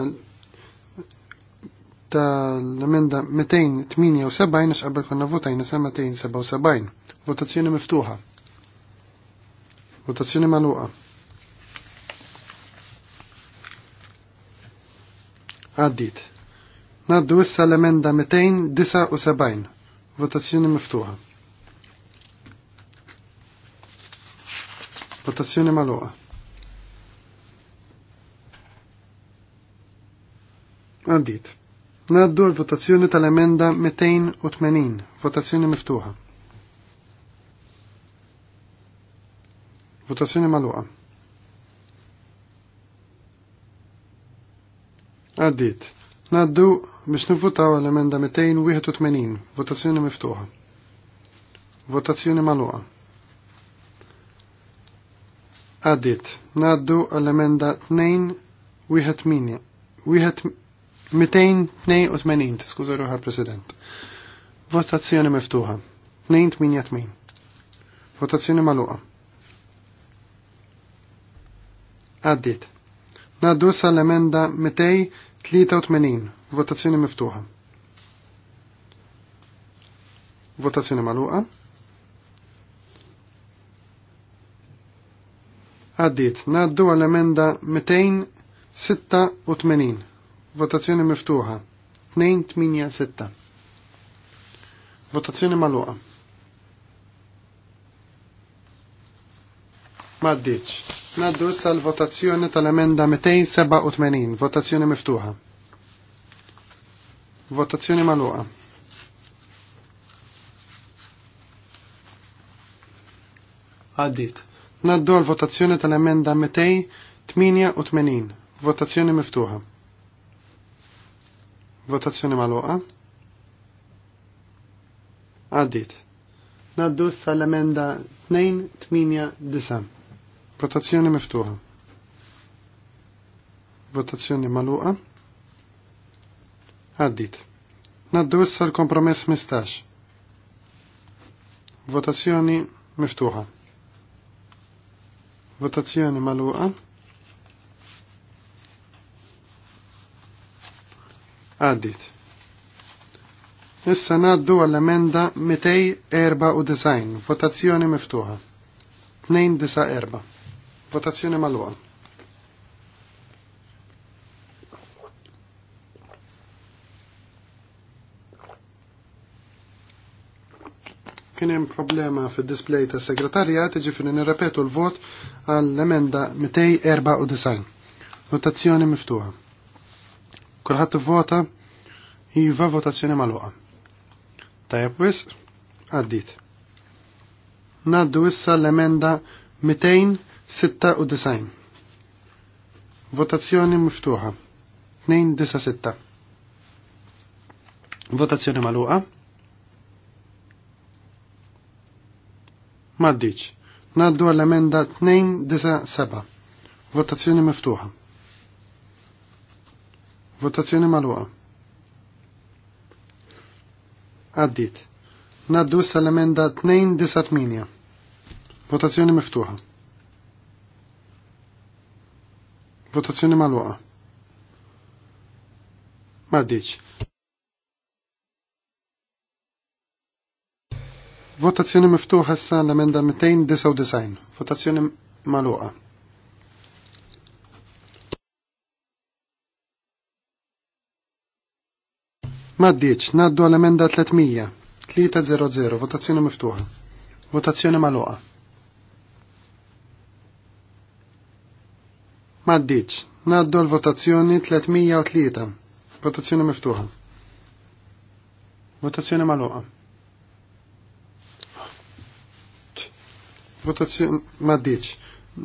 S2: tal-emenda 278 x'qabel konna votajna sa 277. Votazzjoni miftuħa. Votazzjoni maluqa. Għaddit. Naddu issa l-emenda 279. Votazzjoni miftuħa. Votazzjoni maluqa. Għaddit. Naddu l-votazzjoni tal-emenda 280. Votazzjoni miftuħa. Votazzjoni maluqa. Għaddit. Naddu biex nivvutaw l-emenda 281. Votazzjoni miftuħa. Votazzjoni maluqa. Għaddit. Naddu l-emenda 2 282, Skuza ruħar President. Votazzjoni miftuħa. 288. Votazzjoni maluqa. Għaddit. Naddu sal-emenda 283. Votazzjoni miftuħa. Votazzjoni maluqa. Għaddit. Naddu għal-emenda 286. Votazzjoni miftuħa. 286. Votazzjoni maluqa. Maddiċ. Naddu issa l-votazzjoni tal-emenda 287, votazzjoni miftuħa. Votazzjoni maluqa. Għaddit. Naddu l-votazzjoni tal-emenda 288, votazzjoni miftuħa. Votazzjoni maluqa. Għaddit. Naddu issa l emenda 289. Votazzjoni miftuħa. Votazzjoni maluqa. Għaddit. Naddu issa l-kompromess 15. Votazzjoni miftuħa. Votazzjoni maluqa. Għaddit. Issa naddu għall-emenda 294. Votazzjoni miftuħa. 294. Votazzjoni mal Kien hemm problema fid-display tas tiġi fin nirrepetu l-vot għall-emenda 294. Votazzjoni miftuħa. Kulħadd ivvota iva votazzjoni magħluqa. Tajjeb wisq għaddit. Naddu issa l-emenda 96. Votazzjoni miftuħa. 296. Votazzjoni maluqa. Maddiċ. Naddu għall-emenda 297. Votazzjoni miftuħa. Votazzjoni maluqa. Għaddit. Naddu s-emenda 298. Votazzjoni miftuħa. Votazzjoni maluqa. Maddiċ. Votazzjoni miftuħa sa l-emenda 299. Votazzjoni maluqa. Maddiċ, naddu l emenda 300. 300, votazzjoni miftuħa. Votazzjoni maluqa. Maddiċ. Naddu l-votazzjoni 303. Votazzjoni miftuħa. Votazzjoni maluqa. Votazzjoni maddiċ.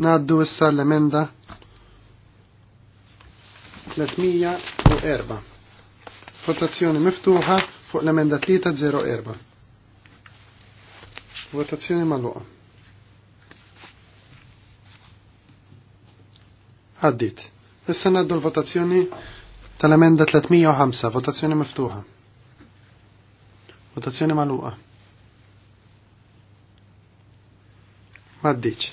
S2: Naddu issa l-emenda 304. Votazzjoni miftuħa fuq l-emenda 304. Votazzjoni maluqa. Għaddit. Issa naddu l-votazzjoni tal-emenda 305, votazzjoni miftuħa. Votazzjoni maluqa. Għaddit.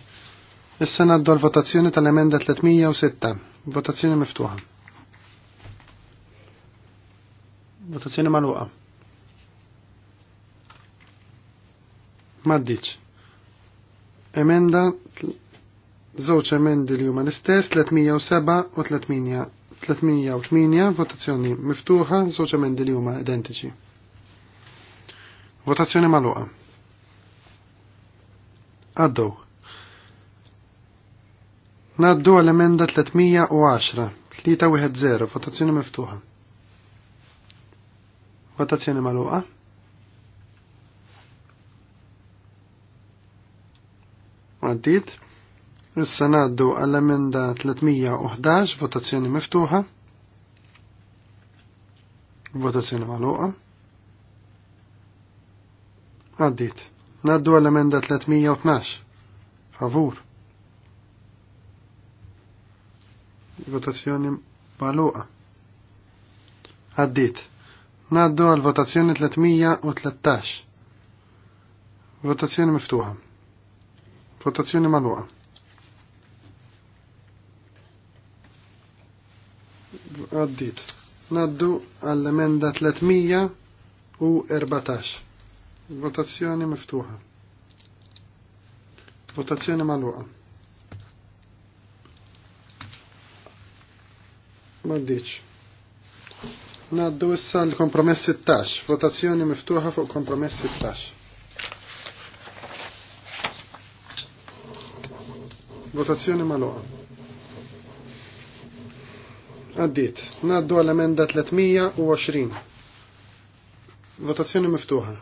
S2: Issa naddu l-votazzjoni tal-emenda 306, votazzjoni miftuħa. Votazzjoni maluqa. Għaddit. Emenda żewġ emendi li huma l-istess 307 u 308 votazzjoni miftuħa, żewġ emendi li huma identiċi. Votazzjoni magħluqa. Għaddew. Naddu għal-emenda 310, 310, votazzjoni miftuħa. Votazzjoni magħluqa. Għaddit. Issa naddu għall-emenda 311, votazzjoni miftuħa. Votazzjoni maluqa. Għaddit. Naddu għall-emenda 312. Favur. Votazzjoni maluqa. Għaddit. Naddu għall-votazzjoni 313. Votazzjoni miftuħa. Votazzjoni maluqa. għaddit. Naddu għall-emenda 314. Votazzjoni miftuħa. Votazzjoni maluqa. Maddiċ. Naddu issa l-kompromess 16. Votazzjoni miftuħa fuq kompromess 16. Votazzjoni maluqa. Għaddit, naddu għal-emenda 320. Votazzjoni miftuħa.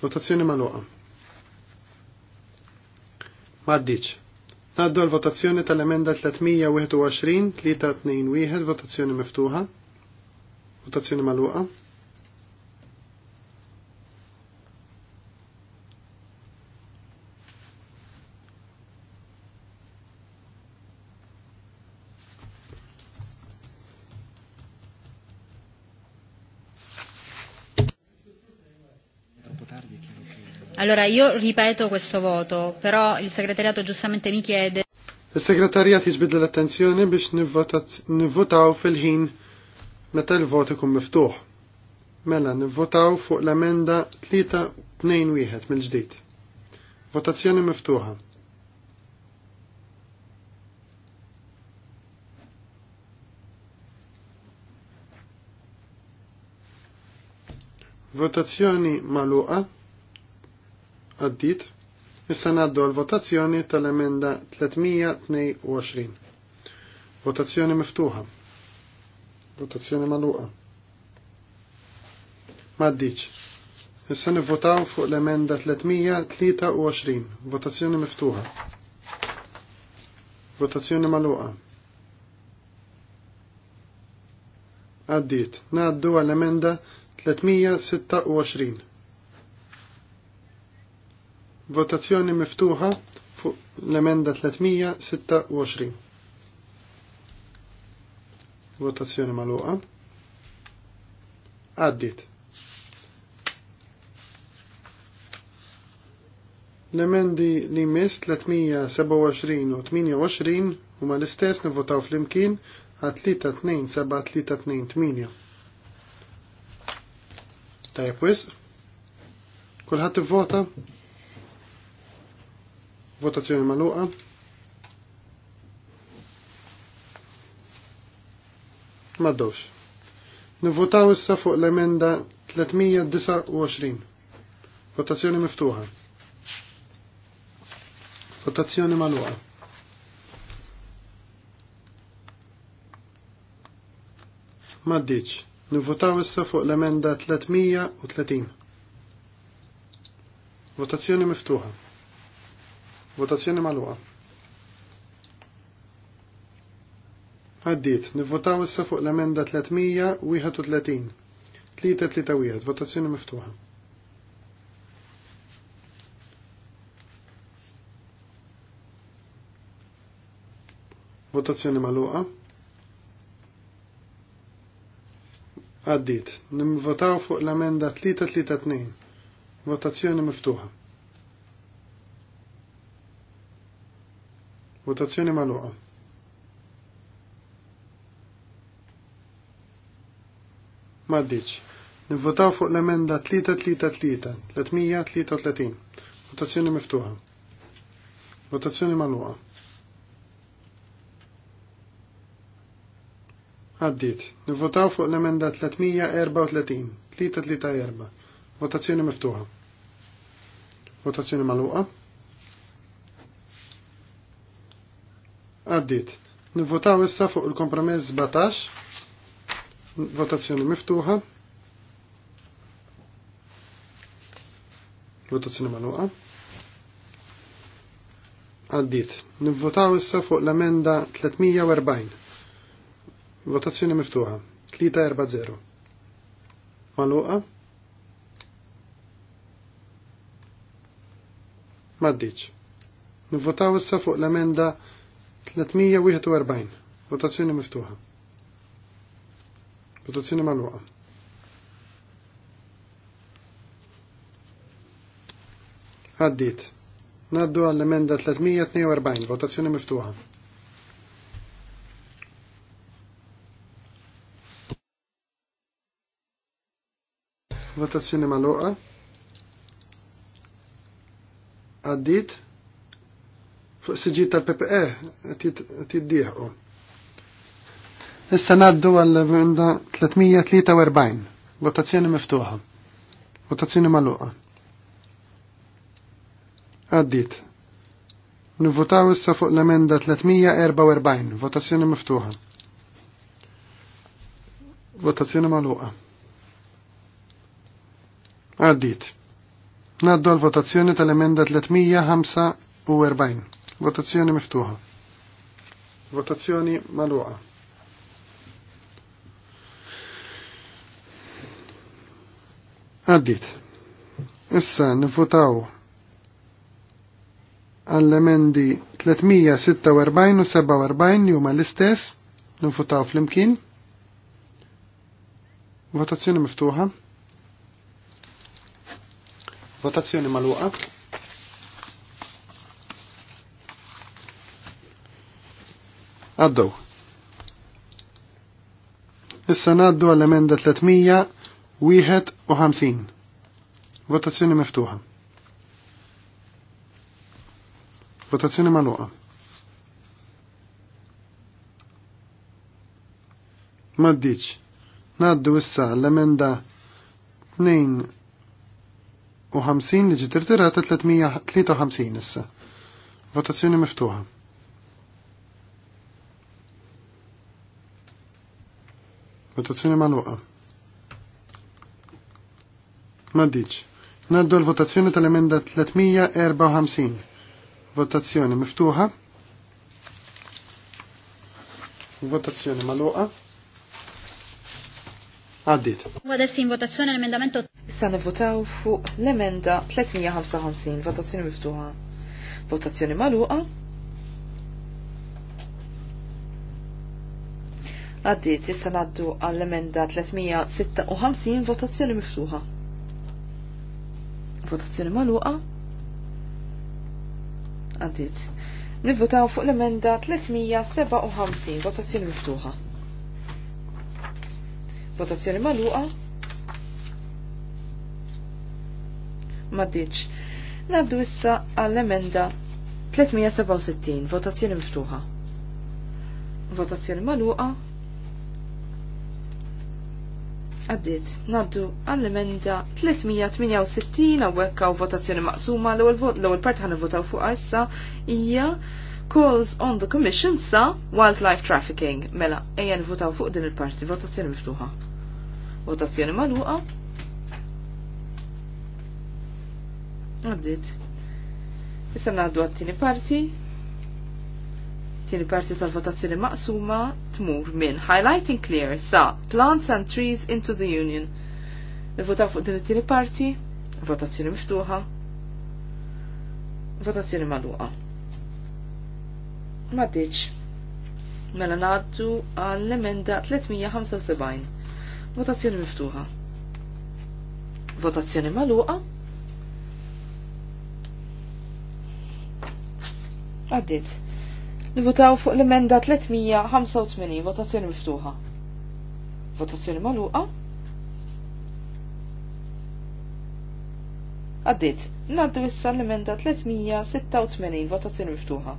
S2: Votazzjoni maluqa. Maddiċ. Naddu l-votazzjoni tal-emenda 321-321, votazzjoni miftuħa. Votazzjoni maluqa.
S1: Allora io ripeto questo voto, però il segretariato giustamente mi chiede.
S2: Il segretariat jiġbidla l-attenzjoni biex nivvotaw fil-ħin meta l-vot ikun miftuħ. Mela nivvotaw fuq l-emenda 3-2-1 mill-ġdid. Votazzjoni miftuħa. Votazzjoni maluqa għaddit. Issa naddu għal votazzjoni tal-emenda 322. Votazzjoni miftuħa. Votazzjoni maluqa. Maddiċ. Issa nivvotaw fuq l-emenda 323. Votazzjoni miftuħa. Votazzjoni maluqa. Għaddit. Naddu għall-emenda 326. Votazzjoni miftuħa fuq l-emenda 326. Votazzjoni maluqa. Għaddit. L-emendi li mis 327 u 28 huma l-istess nivvotaw fl-imkien għat 327-328. Tajab wisq? Kulħadd ivvota? vota Votazzjoni maluqa. Maddowx. Nivvotaw issa fuq l-emenda 329. Votazzjoni miftuħa. Votazzjoni maluqa. Maddiċ. Nivvotaw issa fuq l-emenda 330. Votazzjoni miftuħa. Votazzjoni maluqa. Għaddit, nivvotaw issa fuq l-emenda 331. 331, e votazzjoni miftuħa. Votazzjoni maluqa. Għaddit, nivvotaw fuq l-emenda 332. Votazzjoni miftuħa. Votazzjoni maluqa. Maddiċ. Nivvotaw fuq l-emenda 333, 333. Votazzjoni miftuħa. Votazzjoni maluqa. Għaddit. Nivvotaw fuq l-emenda 334, 334. Votazzjoni miftuħa. Votazzjoni maluqa. Għaddit. Nivvotaw issa fuq il-kompromess 17. Votazzjoni miftuħa. Votazzjoni maluqa. Għaddit. Nivvotaw issa fuq l-amenda 340. Votazzjoni miftuħa. 340. Maluqa. Maddiċ. Nivvotaw issa fuq l-amenda 340. 341. Votazzjoni miftuħa. Votazzjoni magħluqa. Għaddit. Naddu għall-emenda 342. Votazzjoni miftuħa. Votazzjoni magħluqa. Għaddit fuq siġi tal-PPE tiddiħu. Issa naddu għal 343, votazzjoni miftuħa, votazzjoni maluqa. Għaddit. Nivvotaw issa fuq l-emenda 344, votazzjoni miftuħa. Votazzjoni maluqa. Għaddit. Naddu għal votazzjoni tal-emenda 345. Votazzjoni miftuħa. Votazzjoni maluqa. Għaddit. Issa nivvotaw għall-emendi 346 u 47 li huma l-istess nivvotaw fl-imkien. Votazzjoni miftuħa. Votazzjoni maluqa. għaddu. Issa naddu għall-emenda 351. Votazzjoni miftuħa. Votazzjoni magħluqa. Maddiċ. Naddu issa l-emenda 52 li ġiet irtirata 353 issa. Votazzjoni miftuħa. Votazzjoni maluqa. Ma diċ. Naddu l-votazzjoni tal-emenda 354. Votazzjoni miftuħa. Votazzjoni maluqa. Għaddit.
S3: Għadessin votazzjoni l-emendamento. Sani votaw fuq l-emenda 355. Votazzjoni miftuħa. Votazzjoni maluqa. għaddiet issa għaddu għall-emenda 356 votazzjoni miftuħa. Votazzjoni maluqa. Għaddiet. Nivvotaw fuq l-emenda 357 votazzjoni miftuħa. Votazzjoni maluqa. Maddiċ. Naddu issa għall-emenda 367 votazzjoni miftuħa. Votazzjoni maluqa għaddit naddu għall-emenda 368 għawek għaw votazzjoni maqsuma l-ewel part għan votaw fuq issa hija calls on the commission sa wildlife trafficking mela ejja votaw fuq din il-parti votazzjoni miftuħa votazzjoni magħluqa għaddit issa ngħaddu għat-tieni parti Tieni parti tal-votazzjoni maqsuma tmur minn highlighting clear sa plants and trees into the union. Nivvotaw fuq din it-tieni parti, votazzjoni miftuħa, votazzjoni magħluqa. Ma Mela ngħaddu għall-emenda 375. Votazzjoni miftuħa. Votazzjoni magħluqa. Għaddit. Nivutaw fuq l-emenda 385, votazzjoni miftuħa. Votazzjoni maluqa? Għaddit, naddu issa l-emenda 386, votazzjoni miftuħa.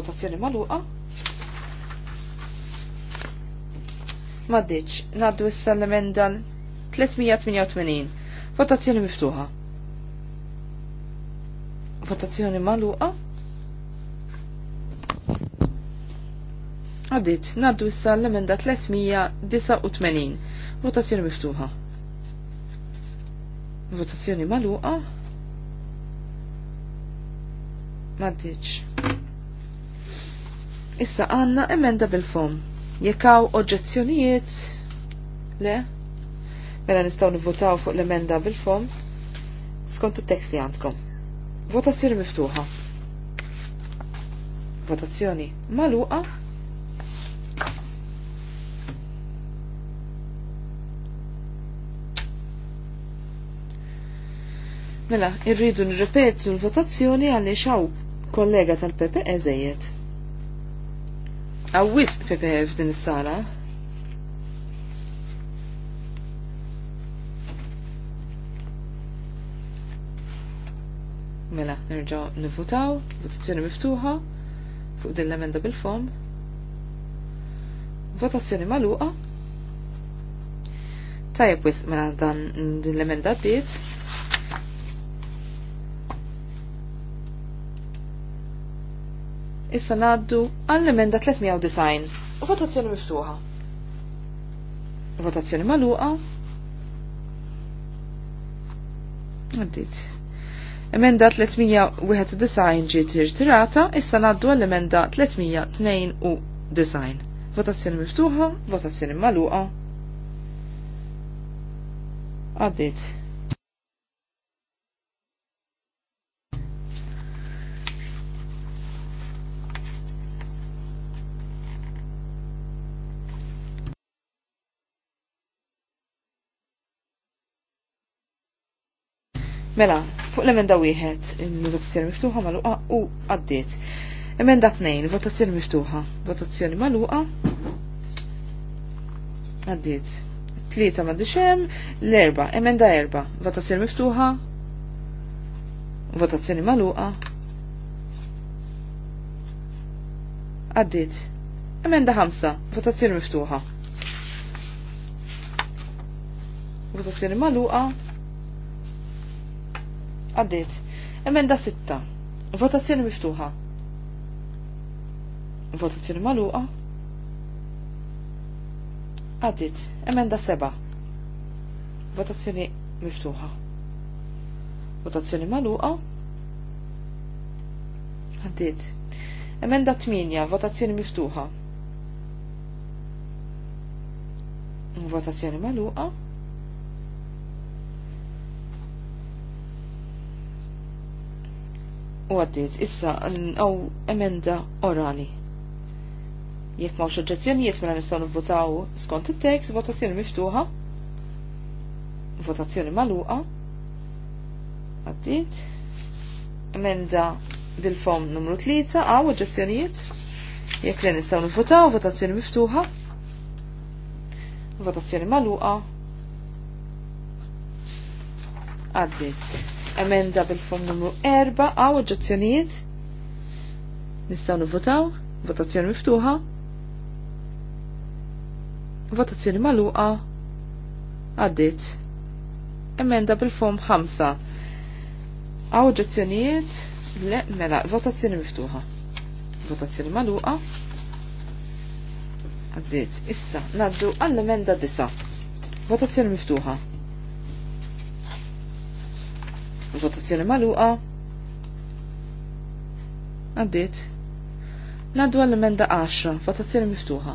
S3: Votazzjoni maluqa? Maddiċ, naddu issa l-emenda 388, votazzjoni miftuħa. Votazzjoni maluqa? għadit naddu issa l-emenda 389. Votazzjoni miftuħa. Votazzjoni maluqa. Maddiċ. Issa għanna emenda bil-fom. Jekaw oġġezzjonijiet? Le? Mela nistaw nivvotaw fuq l-emenda bil-fom. Skont il-tekst li għandkom. Votazzjoni miftuħa. Votazzjoni maluqa. Mela, irridu nirripetu l-votazzjoni għalli xaw kollega tal-Pepe eżejiet. Għawis PP f'din is-sala. Mela, nerġaw nivutaw, votazzjoni miftuħa, fuq din l-emenda bil-fom. Votazzjoni maluqa. Tajab wis mela dan din l-emenda d-diet. Issa naddu għall-emenda 390. Votazzjoni miftuħa. Votazzjoni maluqa. Għaddit. Emenda 391 ġiet irtirata, issa naddu għall-emenda design. Votazzjoni miftuħa, votazzjoni maluqa. Għaddit. Mela, fuq l-emenda wieħed, il-votazzjoni miftuħa maluqa u għaddiet. Emenda tnejn, votazzjoni miftuħa, votazzjoni maluqa. Għaddiet. Tlieta ma dixem, l-erba, emenda erba, votazzjoni miftuħa, votazzjoni maluqa. Għaddiet. Emenda ħamsa, votazzjoni miftuħa. Votazzjoni maluqa Għaddit. Emenda 6. Votazzjoni miftuħa. Votazzjoni maluqa. Għaddit. Emenda 7. Votazzjoni miftuħa. Votazzjoni maluqa. Għaddit. Emenda 8. Votazzjoni miftuħa. Votazzjoni maluqa. u għaddit issa għaw emenda orali. Jekk ma' oġġezzjonijiet mela nistgħu nivvotaw skont it-tekst, votazzjoni miftuħa, votazzjoni magħluqa, għaddit, emenda bil-fom numru 3 għaw oġġezzjonijiet, jekk le nistgħu nivvotaw votazzjoni miftuħa, votazzjoni magħluqa, għaddit Emenda bil-form numru 4 għaw oġġezzjonijiet. Nistaw nivvotaw. Votazzjoni miftuħa. Votazzjoni maluqa. Għaddit. Emenda bil-form 5. Għaw oġġezzjonijiet. Le, mela, votazzjoni miftuħa. Votazzjoni maluqa. Għaddit. Issa, naddu għall-emenda disa. Votazzjoni miftuħa votazzjoni maluqa. Għaddit. Naddu għall-emenda 10, votazzjoni miftuħa.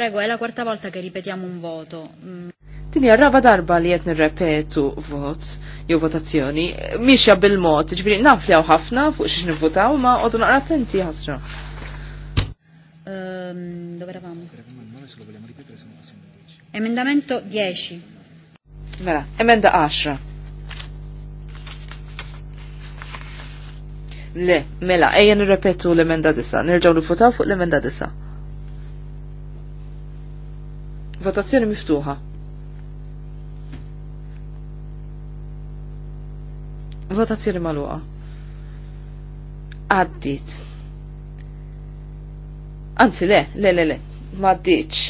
S1: Prego, è la quarta volta che ripetiamo un voto. Mm.
S3: Tini raba darba li jett nirrepetu vot, jew votazzjoni, miexja bil-mod, ġbiri nafjaw ħafna fuq xiex nivvotaw, ma għodu naqra attenti ħasra.
S1: Ehm, dove eravamo? Emendamento 10. Mela, emenda 10.
S3: Le, mela, ejja nirrepetu l-emenda disa. nirġaw nifutaw fuq l-emenda disa'. Votazzjoni miftuħa. Votazzjoni maluqa. Għaddit. Anzi, le, le, le, le, ma għaddiċ.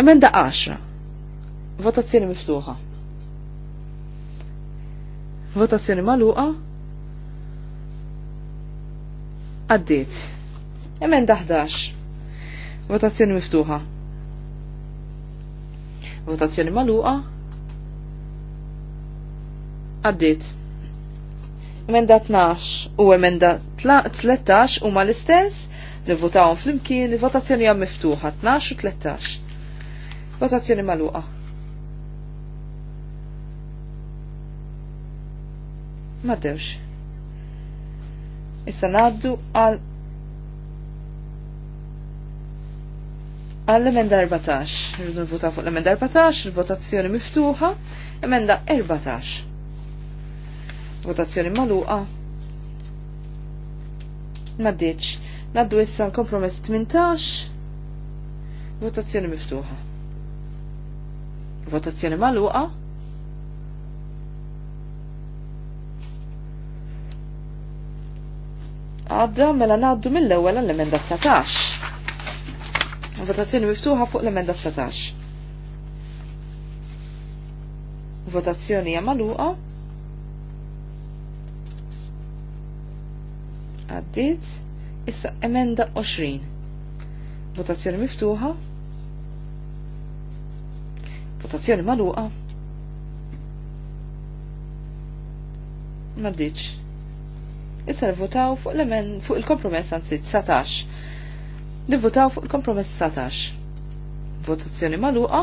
S3: Emenda 10. Votazzjoni miftuħa. Votazzjoni maluqa. Għaddit. Emenda 11. Votazzjoni miftuħa. Votazzjoni maluqa. Għaddit. Emenda 12 u emenda 13 u ma l-istess nivvotaw flimkien li votazzjoni għam miftuħa 12 u 13. Votazzjoni maluqa. dewx Issa naddu għal Għall-emenda 14, rridu nvota fuq l-emenda 14, votazzjoni miftuħa, emenda 14. Votazzjoni maluqa. Maddiċ. Naddu issa l-kompromess 18, votazzjoni miftuħa. Votazzjoni maluqa. Għadda mela naddu mill-ewwel għall-emenda 19 Votazzjoni miftuħa fuq l-emenda 19. Votazzjoni hija magħluqa. Għaddiet. Issa emenda 20. Votazzjoni miftuħa. Votazzjoni magħluqa. Maddiċ. Issa votaw fuq l-emen fuq il-kompromess għan 19 Nivvotaw fuq il-kompromess satax. Votazzjoni maluqa.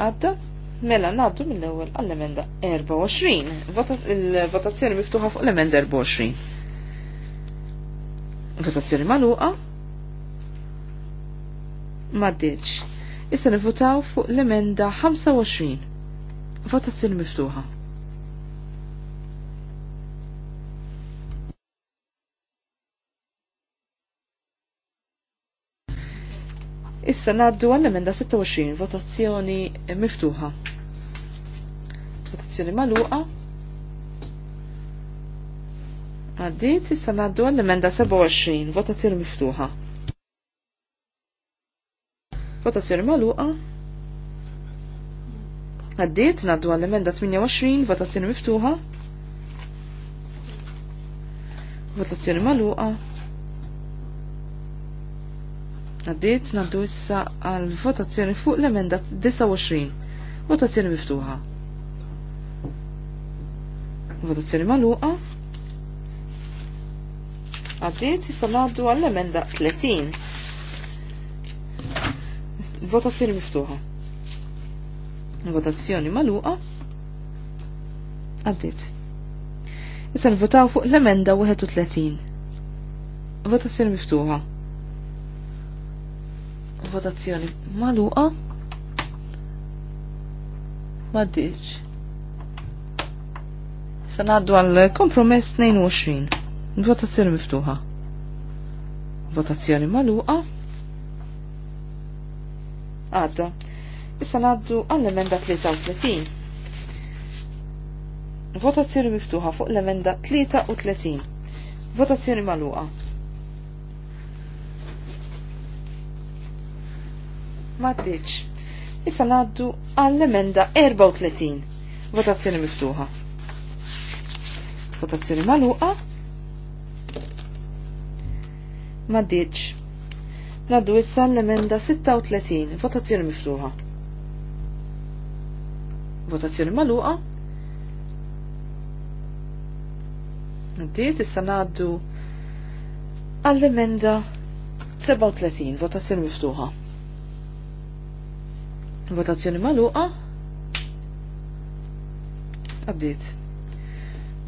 S3: Għadda. Mela naddu mill-ewwel għall-emenda 24. Il-votazzjoni miftuħa fuq l-emenda 24. Votazzjoni maluqa. Maddiċ. Issa nivvotaw fuq l-emenda 25. Votazzjoni miftuħa. Issa naddu għan emenda 26, votazzjoni miftuħa. Votazzjoni maluqa. Għaddit, issa naddu għan emenda 27, votazzjoni miftuħa. Votazzjoni maluqa. Għaddit, naddu għan emenda 28, votazzjoni miftuħa. Votazzjoni maluqa. Għaddit naddu issa għal votazzjoni fuq l-emenda 29. Votazzjoni miftuħa. Votazzjoni maluqa. Għaddit issa naddu għal l-emenda 30. Votazzjoni miftuħa. Votazzjoni maluqa. Għaddit. Issa nvotaw fuq l-emenda 31. Votazzjoni miftuħa. Votazzjoni maluqa. Maddiċ. Sa naddu għal kompromess 22. Votazzjoni miftuħa. Votazzjoni maluqa. Għadda. Issa naddu għall-emenda 33. Votazzjoni miftuħa fuq l-emenda 33. Votazzjoni maluqa. maddiċ. Issa naddu għall-emenda 34. Votazzjoni miftuħa. Votazzjoni maluqa. Maddiċ. Naddu issa l-emenda 36. Votazzjoni miftuħa. Votazzjoni maluqa. Naddiet issa naddu għall-emenda 37. Votazzjoni miftuħa. Votazzjoni maluqa. Għaddit.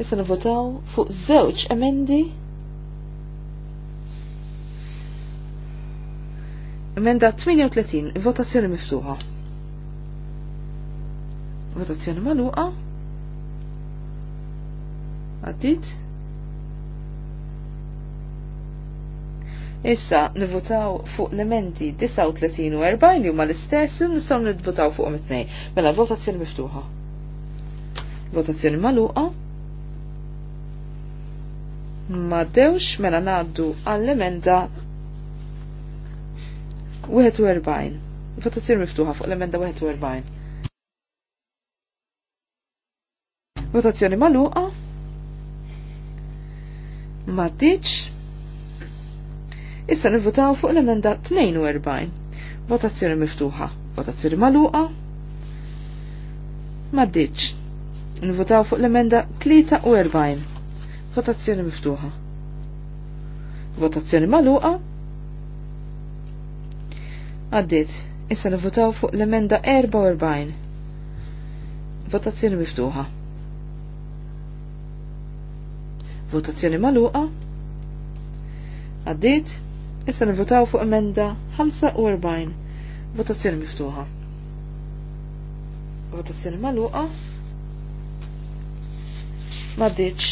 S3: Issa nivotaw fuq żewġ emendi. Emenda 38, votazzjoni miftuħa. Votazzjoni maluqa. Għaddit. Issa nivutaw fuq l-emendi 39 u 40 li huma l-istess nistgħu nivutaw fuq it-tnejn. Mela votazzjoni miftuħa. Votazzjoni magħluqa. Ma dewx mela ngħaddu għall-emenda 41. Votazzjoni miftuħa fuq l-emenda 41. Votazzjoni magħluqa. Ma ditx Issa nivvotaw fuq l-emenda 42. Votazzjoni miftuħa. Votazzjoni maluqa. Maddiċ. Nivvotaw fuq l-emenda 43. Votazzjoni miftuħa. Votazzjoni maluqa. Għaddit. Issa nivvotaw fuq l-emenda 44. Votazzjoni miftuħa. Votazzjoni maluqa. Għaddit. Issa nivvotaw fuq emenda 45. Votazzjoni miftuħa. Votazzjoni maluqa. Ma ditx.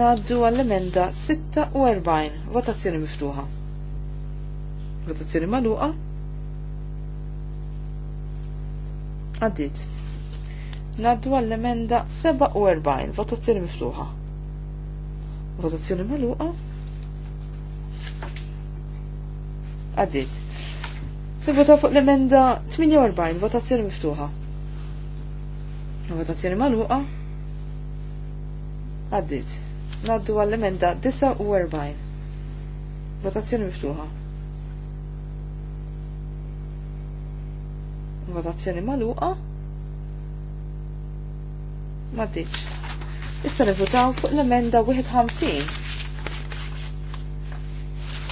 S3: Naddu għall-emenda 46. Votazzjoni miftuħa. Votazzjoni maluqa. Għaddit. Naddu għall-emenda 47. Votazzjoni miftuħa. Votazzjoni maluqa. Għaddit. Nivvota fuq l-emenda 48, votazzjoni miftuħa. Votazzjoni maluqa. Għaddit. Naddu għall-emenda 49. Votazzjoni miftuħa. Votazzjoni maluqa. Maddiċ. Issa nivvotaw fuq l-emenda 51.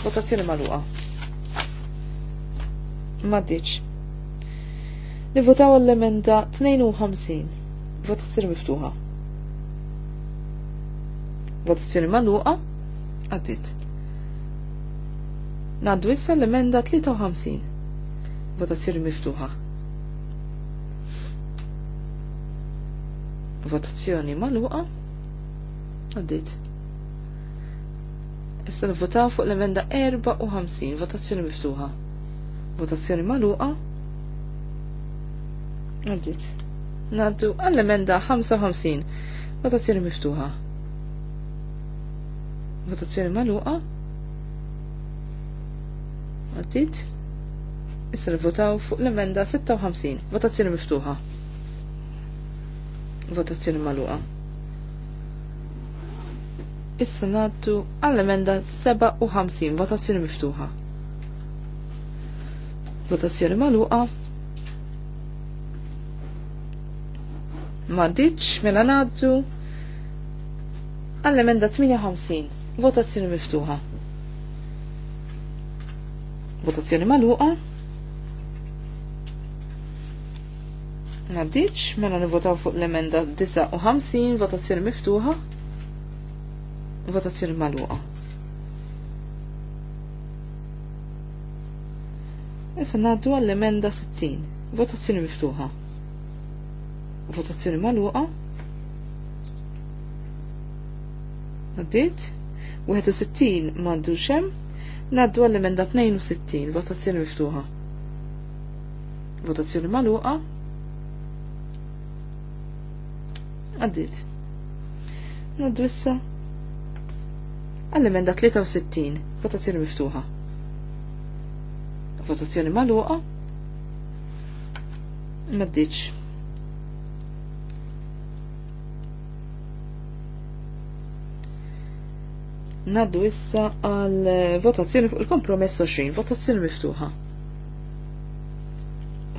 S3: Votazzjoni maluqa. Maddiċ. Nivvotaw l-emenda 52. Votazzjoni miftuħa. Votazzjoni magħluqa. Għaddit. Naddu issa l-emenda 53. Votazzjoni miftuħa. Votazzjoni magħluqa. Għaddit. Issa nivvotaw fuq l-emenda 54. Votazzjoni miftuħa votazzjoni maluqa. Għaddit. Naddu għall-emenda 55. Votazzjoni miftuħa. Votazzjoni maluqa. Għaddit. Issa votaw fuq l-emenda 56. Votazzjoni miftuħa. Votazzjoni maluqa. Issa naddu għall-emenda 57. Votazzjoni miftuħa. Votazzjoni maluqa. Maddiċ, mela naddu. Għall-emenda 58. Votazzjoni miftuħa. Votazzjoni maluqa. Maddiċ, mela nivotaw fuq l-emenda 59. Votazzjoni miftuħa. Votazzjoni maluqa. Issa naddu għall-emenda 60. Votazzjoni miftuħa. Votazzjoni magħluqa? Għaddit. 61 mandu xem. Naddu għall-emenda 62. Votazzjoni miftuħa. Votazzjoni magħluqa. Għaddit. Naddu issa għall-emenda 63. Votazzjoni miftuħa votazzjoni maluqa. Maddiċ. Naddu issa għal votazzjoni fuq il-kompromess 20, votazzjoni miftuħa.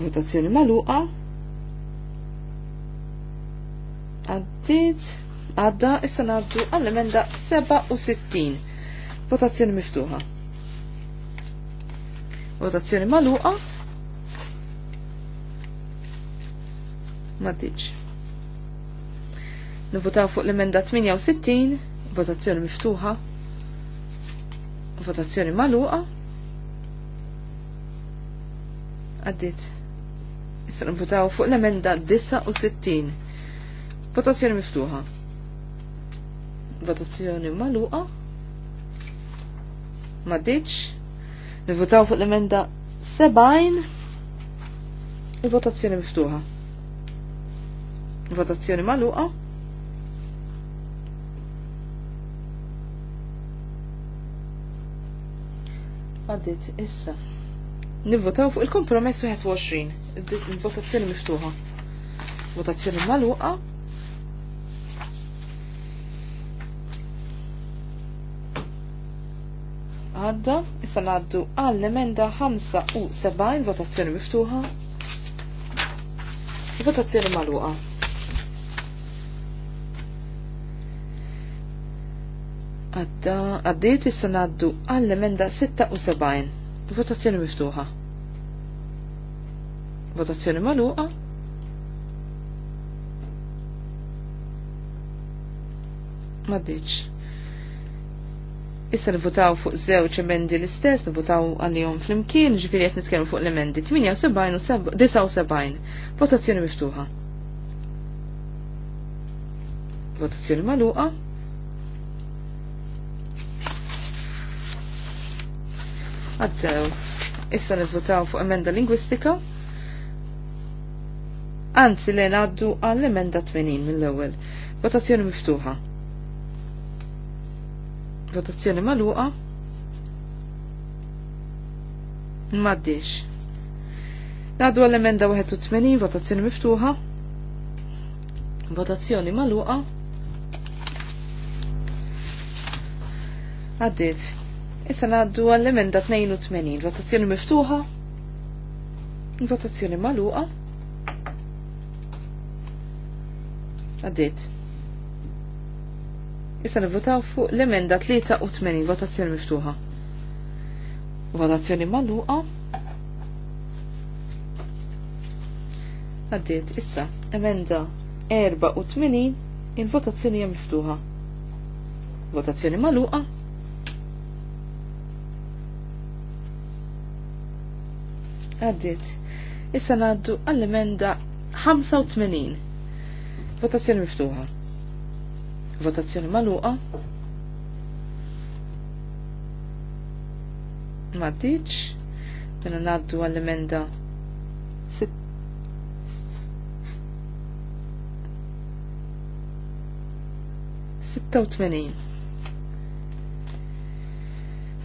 S3: Votazzjoni maluqa. Għaddit. Għadda issa naddu għall-emenda 67. Votazzjoni miftuħa. Votazzjoni maluqa. Ma tiġ. Nivvotaw fuq l-emenda 68, votazzjoni miftuħa. Votazzjoni maluqa. Għaddit. Issa nivvotaw fuq l-emenda 69. Votazzjoni miftuħa. Votazzjoni maluqa. Ma tiġ Nivvotaw fuq l-emenda 70. Il-votazzjoni miftuħa. Votazzjoni maluqa. Għaddit, issa. Nivvotaw fuq il-kompromess 21. Votazzjoni miftuħa. Votazzjoni maluqa. għadda, issa naddu għall-emenda 75 votazzjoni miftuħa. Votazzjoni maluqa. Għadda, għaddiet issa naddu għall-emenda 76. Votazzjoni miftuħa. Votazzjoni maluqa. Maddiċ. Issa nivutaw fuq żewġ emendi l-istess, nivutaw għalihom fl-imkien, ġifieri qed nitkellmu fuq l-emendi 78 u 79. Votazzjoni miftuħa. Votazzjoni magħluqa. Għaddew. Issa nivutaw fuq emenda lingwistika. Anzi, lejn għaddu għall-emenda 80 mill-ewwel. Votazzjoni miftuħa. Votazzjoni maluqa. Maddix. Nadu għall-emenda 81, votazzjoni miftuħa. Votazzjoni maluqa. Għaddit. Issa nadu għall-emenda 82, votazzjoni miftuħa. Votazzjoni maluqa. Għaddit. Issa nivvotaw fuq l-emenda 83 votazzjoni miftuħa. Votazzjoni magħluqa. Għaddiet issa emenda 84 il-votazzjoni hija miftuħa. Votazzjoni magħluqa. Għaddiet. Issa ngħaddu għall-emenda 85. Votazzjoni miftuħa. Votazzjoni maluqa. Maddiċ. Bena mela naddu għall-emenda Sitta u tmenin.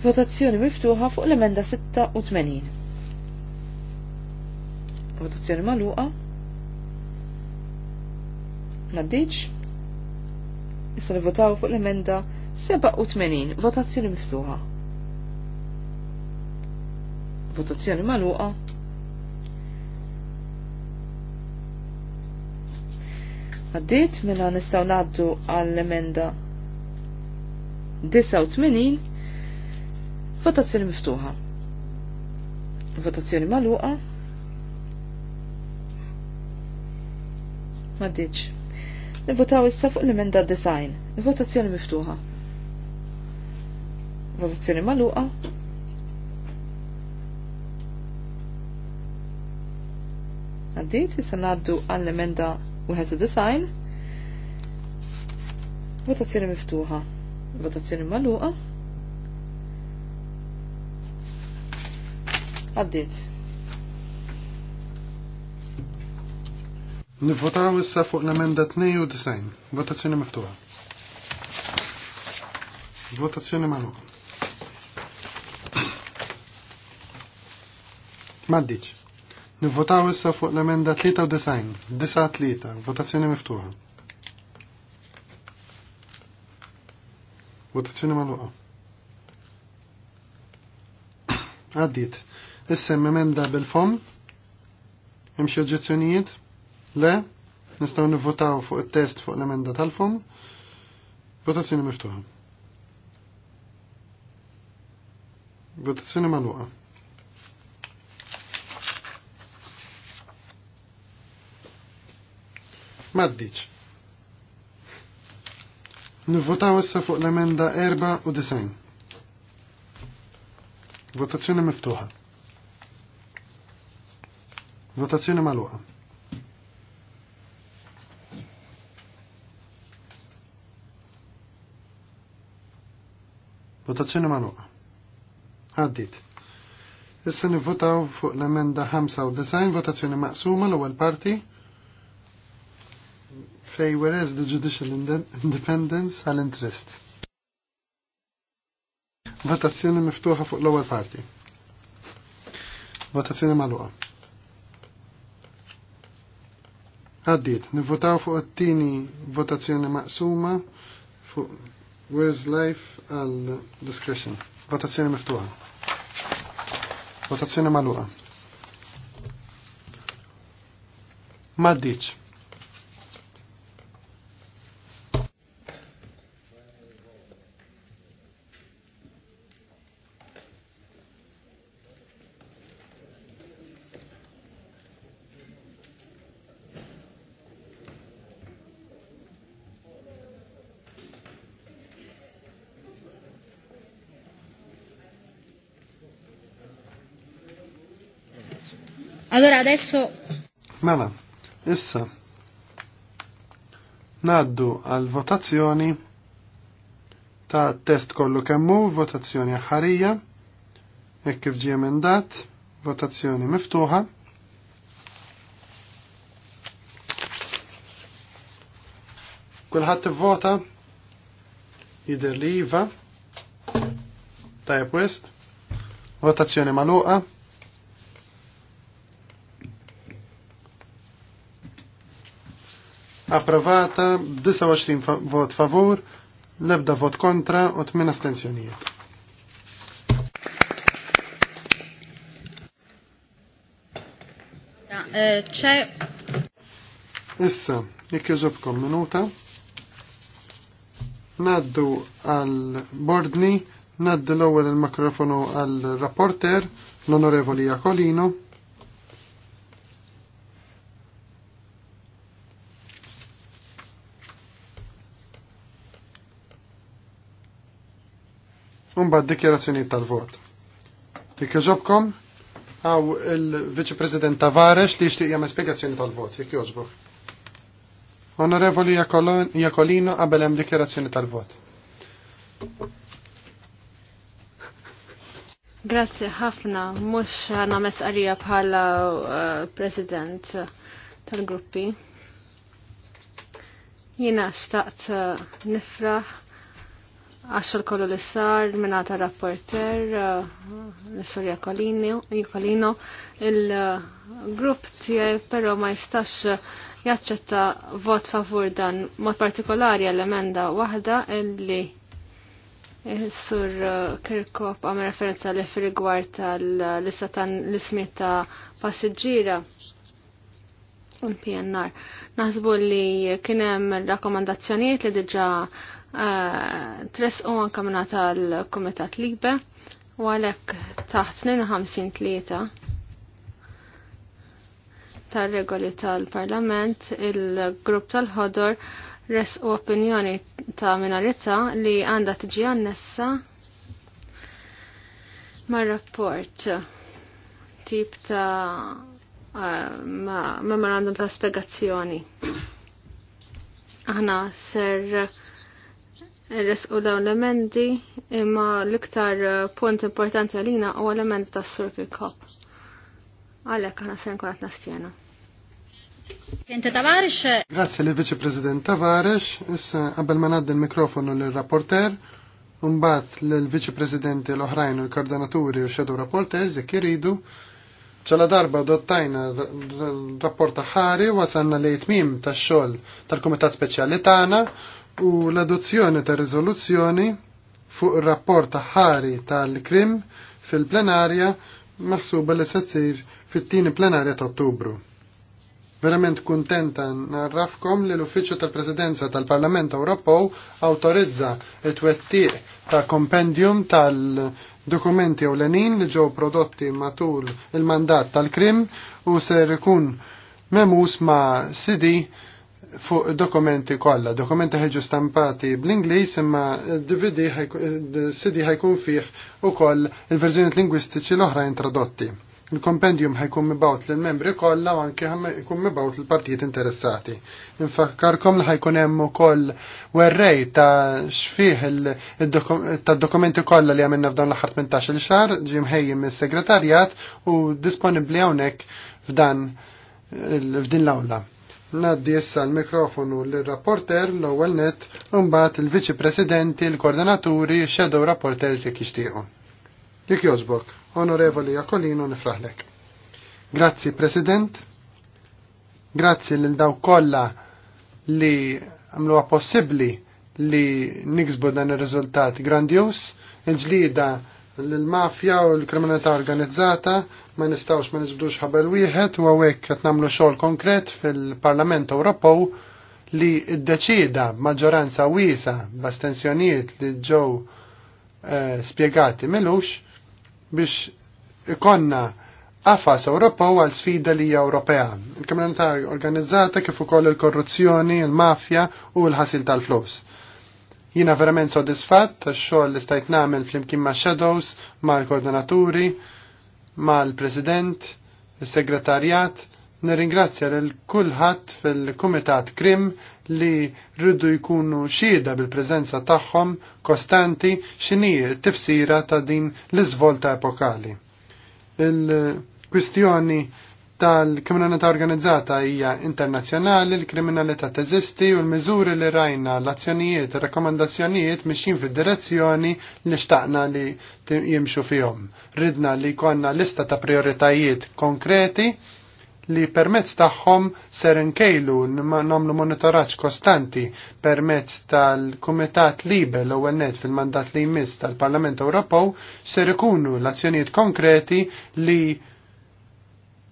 S3: Votazzjoni miftuħa fuq l-emenda 86. Votazzjoni maluqa. Naddiċ. Issa votaw fuq l-emenda 87, votazzjoni miftuħa. Votazzjoni maluqa. Għaddit minna nistaw naddu għall-emenda 89, votazzjoni miftuħa. Votazzjoni maluqa. Maddiċ. Nivvotaw issa fuq l-emenda design. Votazzjoni miftuħa. Votazzjoni maluqa. Għaddit, issa naddu għall-emenda wieħed design. Votazzjoni miftuħa. Votazzjoni maluqa. Għaddit.
S2: Nivvotaw issa fuq l-emenda 92. Votazzjoni miftuħa. Votazzjoni magħluqa. Maddiċ. Nivvotaw issa fuq l-emenda 93. Disa tlita. Votazzjoni miftuħa. Votazzjoni magħluqa. Għaddit. Issa emenda bil-fom. Imxie oġezzjonijiet. Le, nistaw nivvotaw fuq il-test fuq l-emenda tal-fum. Votazzjoni miftuħa. Votazzjoni maluqa. Maddiċ. Nivvotaw issa fuq l-emenda u 94. Votazzjoni miftuħa. Votazzjoni maluqa. Votazzjoni magħluqa. Għaddit. Issa nivvotaw fuq l-emenda 95 votazzjoni maqsuma l-ewwel parti fej whereas the judicial independence għal interest. Votazzjoni miftuħa fuq l-ewwel parti. Votazzjoni magħluqa. Għaddit. nivvotaw fuq it-tieni votazzjoni maqsuma fuq Where's life għal discretion? Votazzjoni miftuħa. Votazzjoni maluqa. Maddiċ.
S1: Allora adesso...
S2: Mela, issa, naddu għal votazzjoni ta' test kollu kemmu, votazzjoni ħarija, e kif ġie emendat, votazzjoni miftuħa. Kulħadd vota jidher li iva tajjeb west, votazzjoni maluqa. approvata b'29 vot favur, nebda vot kontra u 8 astensjonijiet. ċe. Eh, Issa, jekk jużobkom minuta. Naddu għal-bordni, naddu l-ewwel il-mikrofonu għal-rapporter, l-onorevoli Jakolino. Umba d-dikjerazzjoni tal-vot. Dik joġobkom għaw il-Viċi President Tavares li jishtiq jgħam spiegazzjoni tal-vot, jek jogħġbu. Onorevoli Jakolino qabel hemm dikjerazzjoni tal-vot.
S4: Grazie ħafna, mux għana mesqalija bħala eh, President tal-gruppi. Jina xtaqt eh, nifraħ għaxol kollu li sar minnata rapporter l-Sorja eh, Kolino il-grupp tijaj pero ma jistax jaċċetta vot favur dan mod partikolari għall-emenda wahda illi sur eh, Kirkop għam referenza li firigwart rigward tal l-ismiet ta' passiġġira l pnr Naħsbu li kienem rakomandazzjoniet li diġa tres u anka minna tal-Komitat Libe u għalek taħt 52 tlieta tal-regoli tal-Parlament il-grupp tal-ħodor res u opinjoni ta' minorita li għanda tiġi għannessa ma' rapport tip ta' ma' memorandum ta' spiegazzjoni. Aħna ser resqu dawn l-emendi imma l-iktar punt importanti għalina u l-emendi ta' Circle Cup. Għalek għana sen konat nastjena. Presidente Tavares.
S2: Grazie l vice President Tavares. Issa qabel ma naddi l-mikrofonu l-rapporter, Umbat l-Vice President l-oħrajn u l-Koordinaturi u Shadow rapporter, zek jiridu. ċala darba dottajna l-rapport ħari wasanna li jitmim tax xogħol tal-Kumitat Speċjali tagħna u l-adozzjoni ta' riżoluzzjoni fuq ir-rapport ħari tal-Krim fil-plenarja maħsuba li sattir fit-tieni plenarja ta' Ottubru. Verament kuntenta narrafkom li l-Uffiċċju tal-Presidenza tal-Parlament Ewropew awtorizza it-twettiq ta' kompendium tal-dokumenti ewlenin li ġew prodotti matul il-mandat tal-Krim u ser ikun memus ma' sidi fuq dokumenti kollha, dokumenti ħeġu stampati bl-Ingliż imma DVD CD ħajkun fih ukoll il-verżjonijiet lingwistiċi l-oħra introdotti. Il-kompendium ħajkun mibawt lill-membri kollha u anke jkun mibawt l-partijiet interessati. Infakkarkom li ħajkun hemm ukoll werrej ta' xfih tad-dokumenti kollha li għamilna f'dawn l-aħħar 18-il xahar ġie mħejjim il segretarjat u disponibbli hawnhekk f'dan f'din l-awla. Naddi issa l-mikrofonu l-rapporter l-ewwel net mbagħad il-viċi presidenti, l-koordinaturi, shadow rapporters jekk jixtiequ. Dik jogħġbok, onorevoli Jakolino nifraħlek. Grazzi President, grazzi lil daw kollha li għamluha possibbli li niksbu dan ir-riżultat grandjus, il-ġlida il ġlida l-mafja u l-kriminalità organizzata ma nistawx ma nisbdux ħabel wieħed u għawek qed nagħmlu xogħol konkret fil-Parlament Ewropew li ddeċida maġġoranza wiesa b'astensjonijiet li ġew eh, spjegati milux biex ikonna qafas Ewropew għal sfida li hija Ewropea. Il-kriminalità organizzata kif ukoll il-korruzzjoni, il-mafja u l-ħasil tal-flus. Jina verament soddisfatt tax xogħol li stajt nagħmel flimkien ma' shadows, mal-koordinaturi, mal-president, is-segretarjat. Nirringrazzja lil kulħadd fil-Kumitat Krim li rridu jkunu xieda bil prezenza tagħhom kostanti x'inhi t-tifsira ta' din l-iżvolta epokali. Il-kwistjoni tal-kriminalità organizzata hija internazzjonali, l-kriminalità teżisti u l-miżuri li rajna l-azzjonijiet, rakkomandazzjonijiet mixjin fid-direzzjoni li xtaqna li jimxu fihom. Ridna li konna lista ta' prioritajiet konkreti li permezz tagħhom ser nkejlu nagħmlu monitoraġġ kostanti permezz tal-Kumitat Libe l net fil-mandat li jmiss tal-Parlament Ewropew ser ikunu l-azzjonijiet konkreti li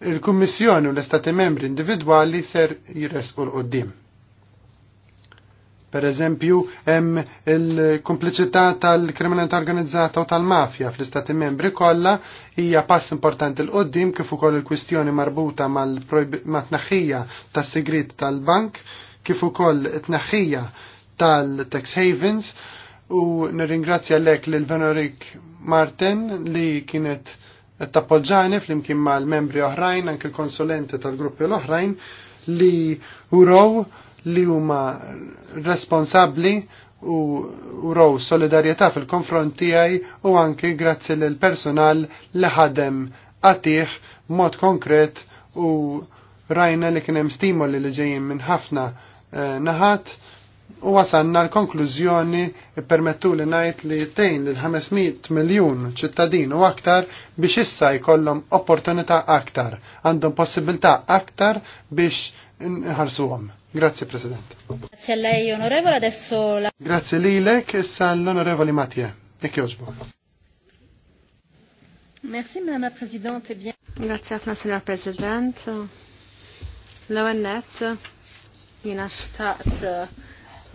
S2: il-Kummissjoni u l-Estati membri individwali ser jiresqu l-qoddim. Per eżempju, hemm il-kompliċità tal-kriminalità organizzata u tal-mafja fl-Istati membri kollha hija pass importanti l qoddim kif ukoll il-kwistjoni marbuta mal-tnaħħija tas-sigrit tal-bank, kif ukoll it-tnaħħija tal-tax havens u nirringrazzja lek lil Venorik Martin li kienet Qed tappoġġjani flimkien mal-membri oħrajn anke l-konsulenti tal-gruppi l-oħrajn li uraw li huma responsabbli u uraw solidarjetà fil-konfront tiegħi u anke grazzi lil personal li ħadem għatih mod konkret u rajna li kien hemm stimoli li ġejjin minn ħafna eh, naħat U wasanna l-konklużjoni permettu li najt li tejn l-500 miljon ċittadin u aktar biex issa jkollhom opportunità aktar, għandhom possibilità aktar biex nħarsuhom. Grazie President.
S1: Grazie lei onorevole,
S4: adesso la... Grazie
S2: lilek, issa l-onorevoli Mattie. Dik joġbu.
S4: Merci Madame la Presidente. Bien... Grazie ħafna Signor President. L-għennet, jina xtaqt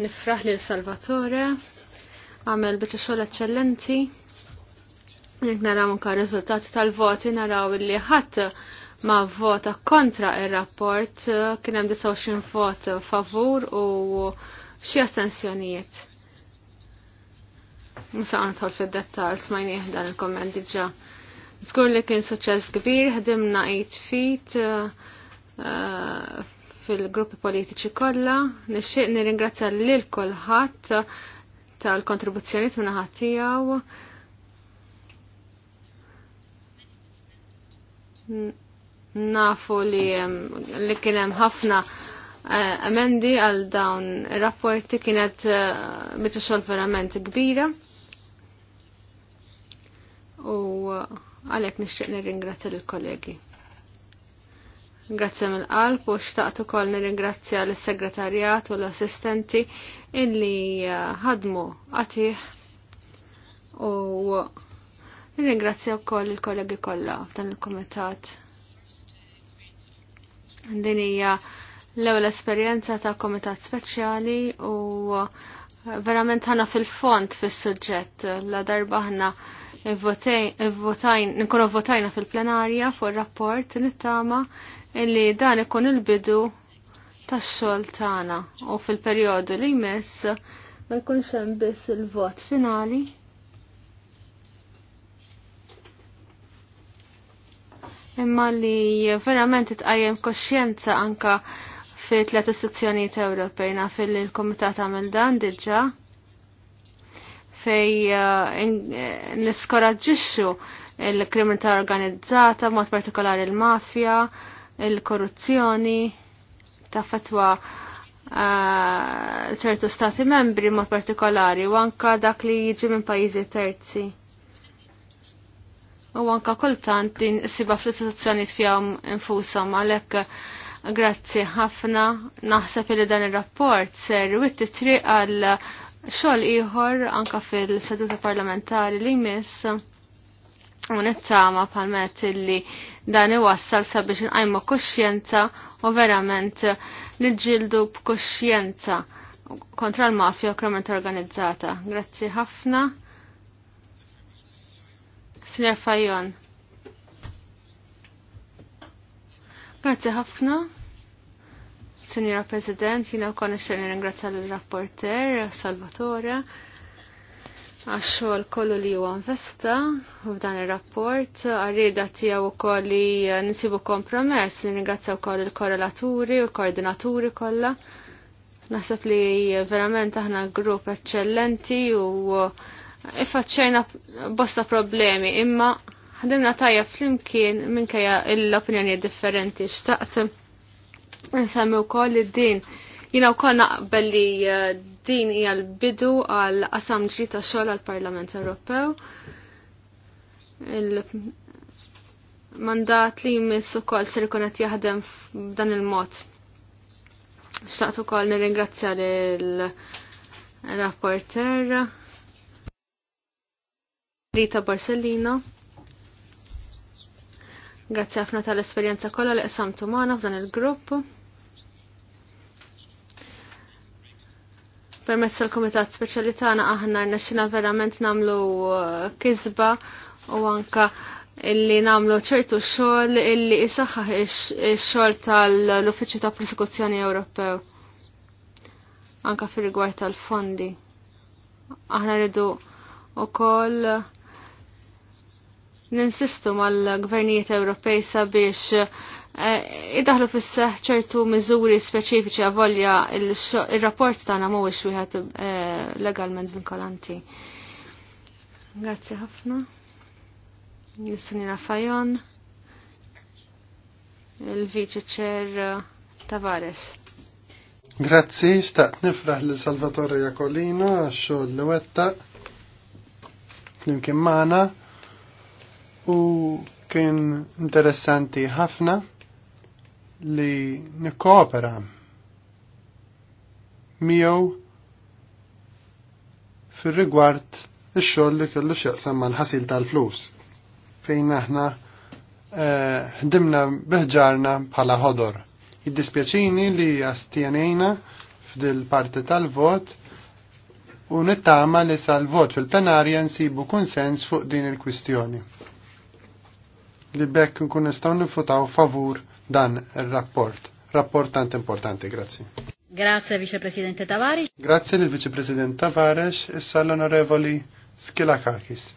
S4: nifraħ li l-Salvatore, għamel bieċa xogħol eccellenti. Jek naraw unka rizultat tal-voti naraw li ħadd ma vota kontra ir-rapport kien hemm 29 vot favur u xi astensjonijiet. Musa għandħol fid-dettal smajni dan il-komment diġa. Żgur li kien suċċess kbir, ħdimna 8 fit, uh, fil-gruppi politiċi kollha. Nixtieq nirringrazzja lil kulħadd tal kontribuzzjoni minna tiegħu. Nafu li li kien hemm ħafna eh, emendi għal dawn ir-rapporti kienet eh, biċċa xogħol verament kbira. U eh, għalhekk nixtieq nirringrazzja lill kollegi Grazzja mill-qalb u xtaqt ukoll nirringrazzja l-segretarjat u l-assistenti illi uh, ħadmu għatiħ u nirringrazzja wkoll il-kollegi kollha f'dan il-kumitat. Din hija l-ewwel esperjenza ta' kumitat speċjali u uh, verament ħana fil-font fis-suġġett la darba ħna nkunu votajna fil-plenarja fuq ir-rapport nittama illi dan ikun il-bidu tax-xogħol tagħna u fil-perjodu li jmiss ma jkunx hemm biss il-vot finali. Imma li verament it-qajem koxjenza anka fi tlet istituzzjonijiet Ewropejna fil il-Kumitat għamil dan diġà fej eh, eh, niskoraġġixxu il-krimin ta' organizzata, mod partikolari il-mafja, il-korruzzjoni ta' fatwa uh, ċertu stati membri mod partikolari u anka dak li jiġi minn pajjiżi terzi. U anka kultant din siba fl-istituzzjoni tfjam infusom għalhekk grazzi ħafna naħseb li dan ir-rapport ser witti triq għal xogħol ieħor anka fil-seduta parlamentari li jmiss u nittama palmet illi dan iwassal sabiex nqajmu kuxjenza u verament li ġildu b'kuxjenza kontra l-mafja u kriminalità organizzata. Grazzi ħafna. Signor Fajon. Grazzi ħafna. Signora President, jina u konna xerni ringrazzja l-rapporter Salvatore għaxħol kollu li huwa festa u f'dan ir-rapport għarrieda tiegħu wkoll li nisibu kompromess li ningrazzja wkoll il-korrelaturi u l-koordinaturi kollha. Naħseb li verament aħna grupp eċċellenti u ifaċċajna bosta problemi imma ħadimna tajja flimkien minkejja l-opinjoni differenti xtaqt nsemmi wkoll id-din jina wkoll naqbel li eh, Din hija l-bidu għal qasam ġdid ta' xogħol għall Parlament Ewropew. Il-mandat li jmiss ukoll ser ikun qed jaħdem f'dan il-mod. Xtaqt ukoll nirringrazzja lil rapporter Rita Borsellino. Grazzi ħafna tal-esperjenza kollha li qsamtu magħna f'dan il-grupp. permezz tal-Komitat Speċjali tagħna aħna rnexxina verament nagħmlu uh, kisba u anka illi nagħmlu ċertu xogħol illi isaħħaħ ix-xogħol tal-Uffiċċju ta' Prosekuzzjoni Ewropew. Anka fir-rigward tal-fondi. Aħna rridu wkoll ninsistu mal-gvernijiet Ewropej sabiex Eh, idaħlu fis-seħ ċertu miżuri speċifiċi għavolja il-rapport tagħna mhuwiex wieħed eh, legalment vinkolanti. Grazzi ħafna. Nissunina Fajon. Il-Viċi Ċer eh, Tavares.
S2: Grazzi, xtaqt nifraħ li Salvatore Jacolino għax l-wetta, l flimkien u kien interessanti ħafna li nikkoopera miegħu fir-rigward ix-xogħol li kellu x'jaqsam mal-ħasil tal-flus fejn aħna eh, ħdimna biħġarna bħala ħodor. Jiddispjaċini li jastjenejna f'dil parti tal-vot u nittama li sal-vot fil-plenarja nsibu konsens fuq din il-kwistjoni. Li bekk nkun nistgħu nifutaw favur dan il-rapport. Rapport tant importanti, grazie.
S1: Grazie Vicepresidente Tavares.
S2: Grazie il Vicepresidente Tavares e sall'onorevoli Skilakakis.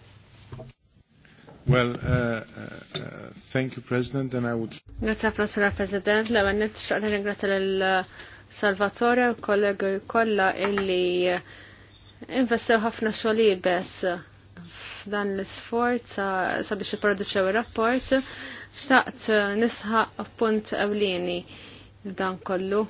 S2: Well, uh, uh, uh, thank you, President, and I would...
S4: Grazie a Professor President, la vannet xaqta ringrazja l-Salvatore uh, u kollegu kolla illi investew ħafna xogħol bes dan l-isforz sabiex ipproduċew il rapport Xtaqt eh, nisħaq punt ewlieni dan kollu.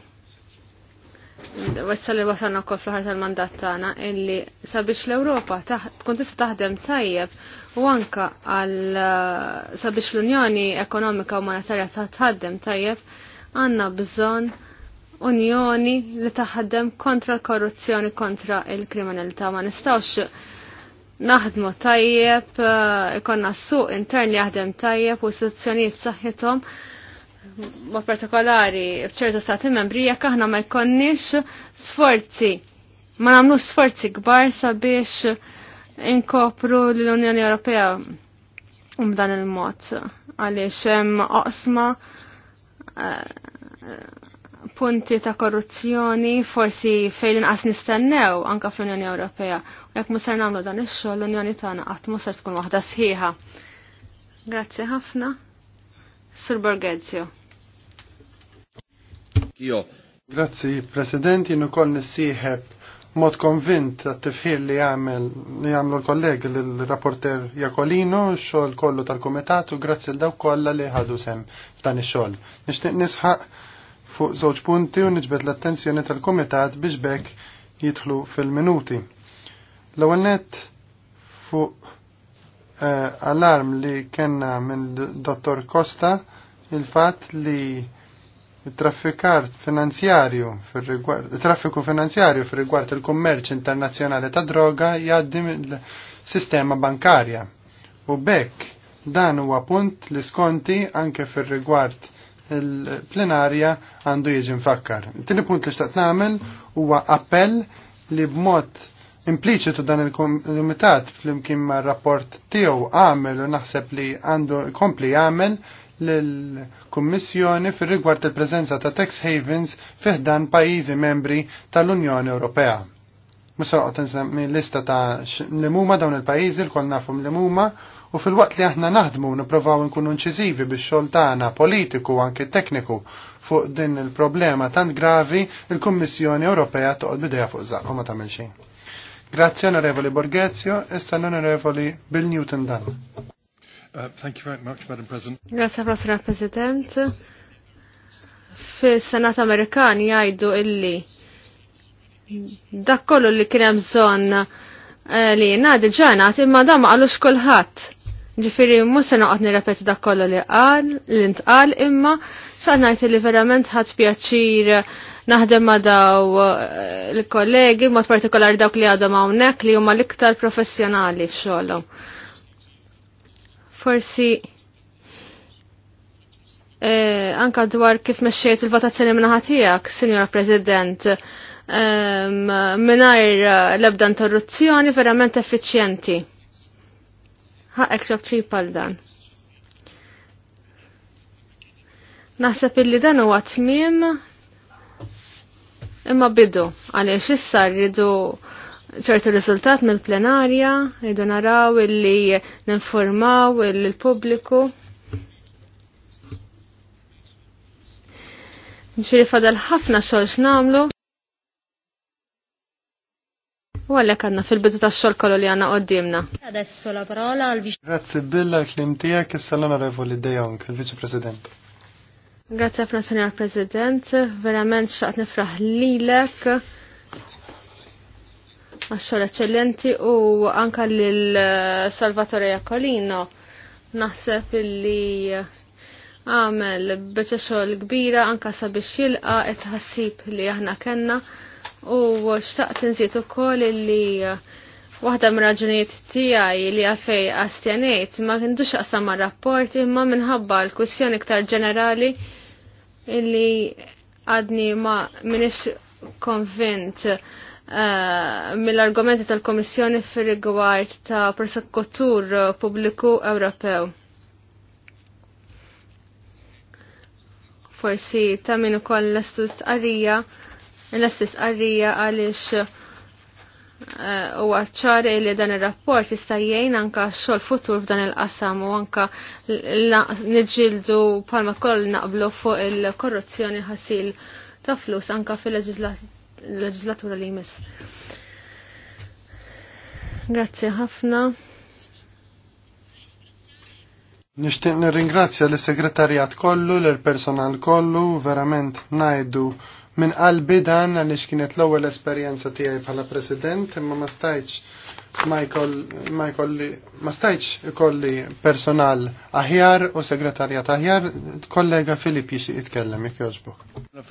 S4: Wessa li wasalna kol fl-ħar tal-mandat tagħna illi sabiex l-Ewropa tkun tista' taħdem tajjeb u anka għal eh, sabiex l-Unjoni Ekonomika u Monetarja taħdem tajjeb għandna bżonn unjoni li taħdem kontra l-korruzzjoni kontra il-kriminalità ma nistgħux naħdmu tajjeb, eh, ikonna suq intern li jaħdem tajjeb u istituzzjonijiet saħħithom Ma' partikolari f'ċertu stati membri jekk aħna ma jkonnix sforzi ma namlu sforzi kbar sabiex inkopru l-Unjoni Ewropea b'dan il-mod għaliex hemm oqsma eh, punti ta' korruzzjoni forsi fejn inqas nistennew anka fl-Unjoni Ewropea. U jekk musar nagħmlu dan ix-xogħol l-Unjoni tagħna qatt musar tkun waħda sħiħa. Grazzi ħafna. Sur Borghezio.
S1: Jo.
S2: Grazzi, President, jien ukoll nissieħeb mod konvint għat-tifħir li għamel li għamlu l-kolleg l-rapporter Jakolino, xol kollu tal-komitatu, grazzi l-daw kolla li ħadu sem f'dan ix-xol. Nixtieq nisħaq fuq żewġ punti u niġbed l-attenzjoni tal-Kumitat biex bekk jidħlu fil-minuti. L-ewwel nett fuq eh, allarm li kenna minn dottor Costa il-fatt li traffikar finanzjarju traffiku finanzjarju fil rigward il-kummerċ internazzjonali ta' droga jgħaddi mill-sistema bankarja. U bekk dan huwa punt li skonti anke fil rigward il-plenarja għandu jiġi mfakkar. Tini tieni punt li xtaqt nagħmel huwa appell li b'mod impliċitu dan il-komitat fl-imkien ma' rapport tiegħu għamel u naħseb li għandu kompli għamel l-Kummissjoni fir rigward il prezenza ta' tax havens fiħdan pajjiżi membri tal-Unjoni Ewropea. Musa għot lista ta' l-muma dawn il-pajjiżi l-kol nafum l-muma U fil-waqt li aħna naħdmu nipprovaw nkunu inċiżivi biex xogħol tagħna politiku anke tekniku fuq din il-problema tant gravi, il-Kummissjoni Ewropea toqgħod bidejha fuq żaqqa ma tagħmel xejn. Grazzi Onorevoli Borghezio, issa l-Onorevoli Bill Newton Dan. Uh, thank you very much, Madam President.
S4: Grazie, Professor President. Fis-Senat Amerikan jgħidu illi dak kollu li kien hemm bżonn eh, li ngħadi ġanat imma dam għalux kulħadd Ġifiri, musa naqot nirrepeti dak kollu li qal, li ntqal imma, xaqnajt li verament ħat pjaċir naħdem ma daw eh, l-kollegi, mod partikolari dawk li għadhom hawnhekk li huma l-iktar professjonali f'xogħolhom. Forsi eh, anka dwar kif mexxejt il-votazzjoni minn ħatijak, Sinjora President, eh, minnajr l-ebda interruzzjoni verament effiċjenti ħaqek xabċi pal dan. Naħseb illi dan huwa tmiem imma bidu għaliex issa rridu ċertu riżultat mill-plenarja, rridu naraw illi ninformaw il-pubbliku. Ġifieri fadal ħafna xogħol namlu. U għallek għanna fil-bidu ta' xol kollu li għanna għoddimna.
S1: Adesso la parola għal vice. Grazie
S2: billa l-klim tijak, s-salona revoli dejong, il-vice president.
S4: Grazie għafna, senjar president, verament xaqt nifraħ lilek għaxxol eccellenti u anka l-Salvatore eh, Jacolino. Naħseb li għamel bieċa xol kbira anka sabiex jilqa ħassib li aħna kenna u xtaqt nżiet ukoll li uh, waħda mraġunijiet tiegħi li għafej għastjaniet ma kindux aqsam ma' rapport imma minħabba l-kwistjoni iktar ġenerali li għadni ma minix konvint uh, mill-argumenti tal-Komissjoni fir-rigward ta' prosekutur pubbliku Ewropew. Forsi ta' min ukoll l-estut qarija l-istess qarrija għaliex eh, u għacċar li dan il-rapport jistajjajn anka xol futur f'dan il-qasam u anka nġildu palma koll naqblu fuq il-korruzzjoni ħasil ta' flus anka fil-leġislatura li jmiss. Grazzi ħafna.
S2: Nishtiq nirringrazzja l-segretarjat kollu, l-personal kollu, verament najdu Min qalbi dan għaliex kienet l-ewwel esperjenza tiegħi bħala President imma ma stajtx ma jkolli ma stajtx ikolli personal aħjar u segretarjat aħjar, kollega Filip jixi jitkellem jekk jogħġbok.
S4: Euh,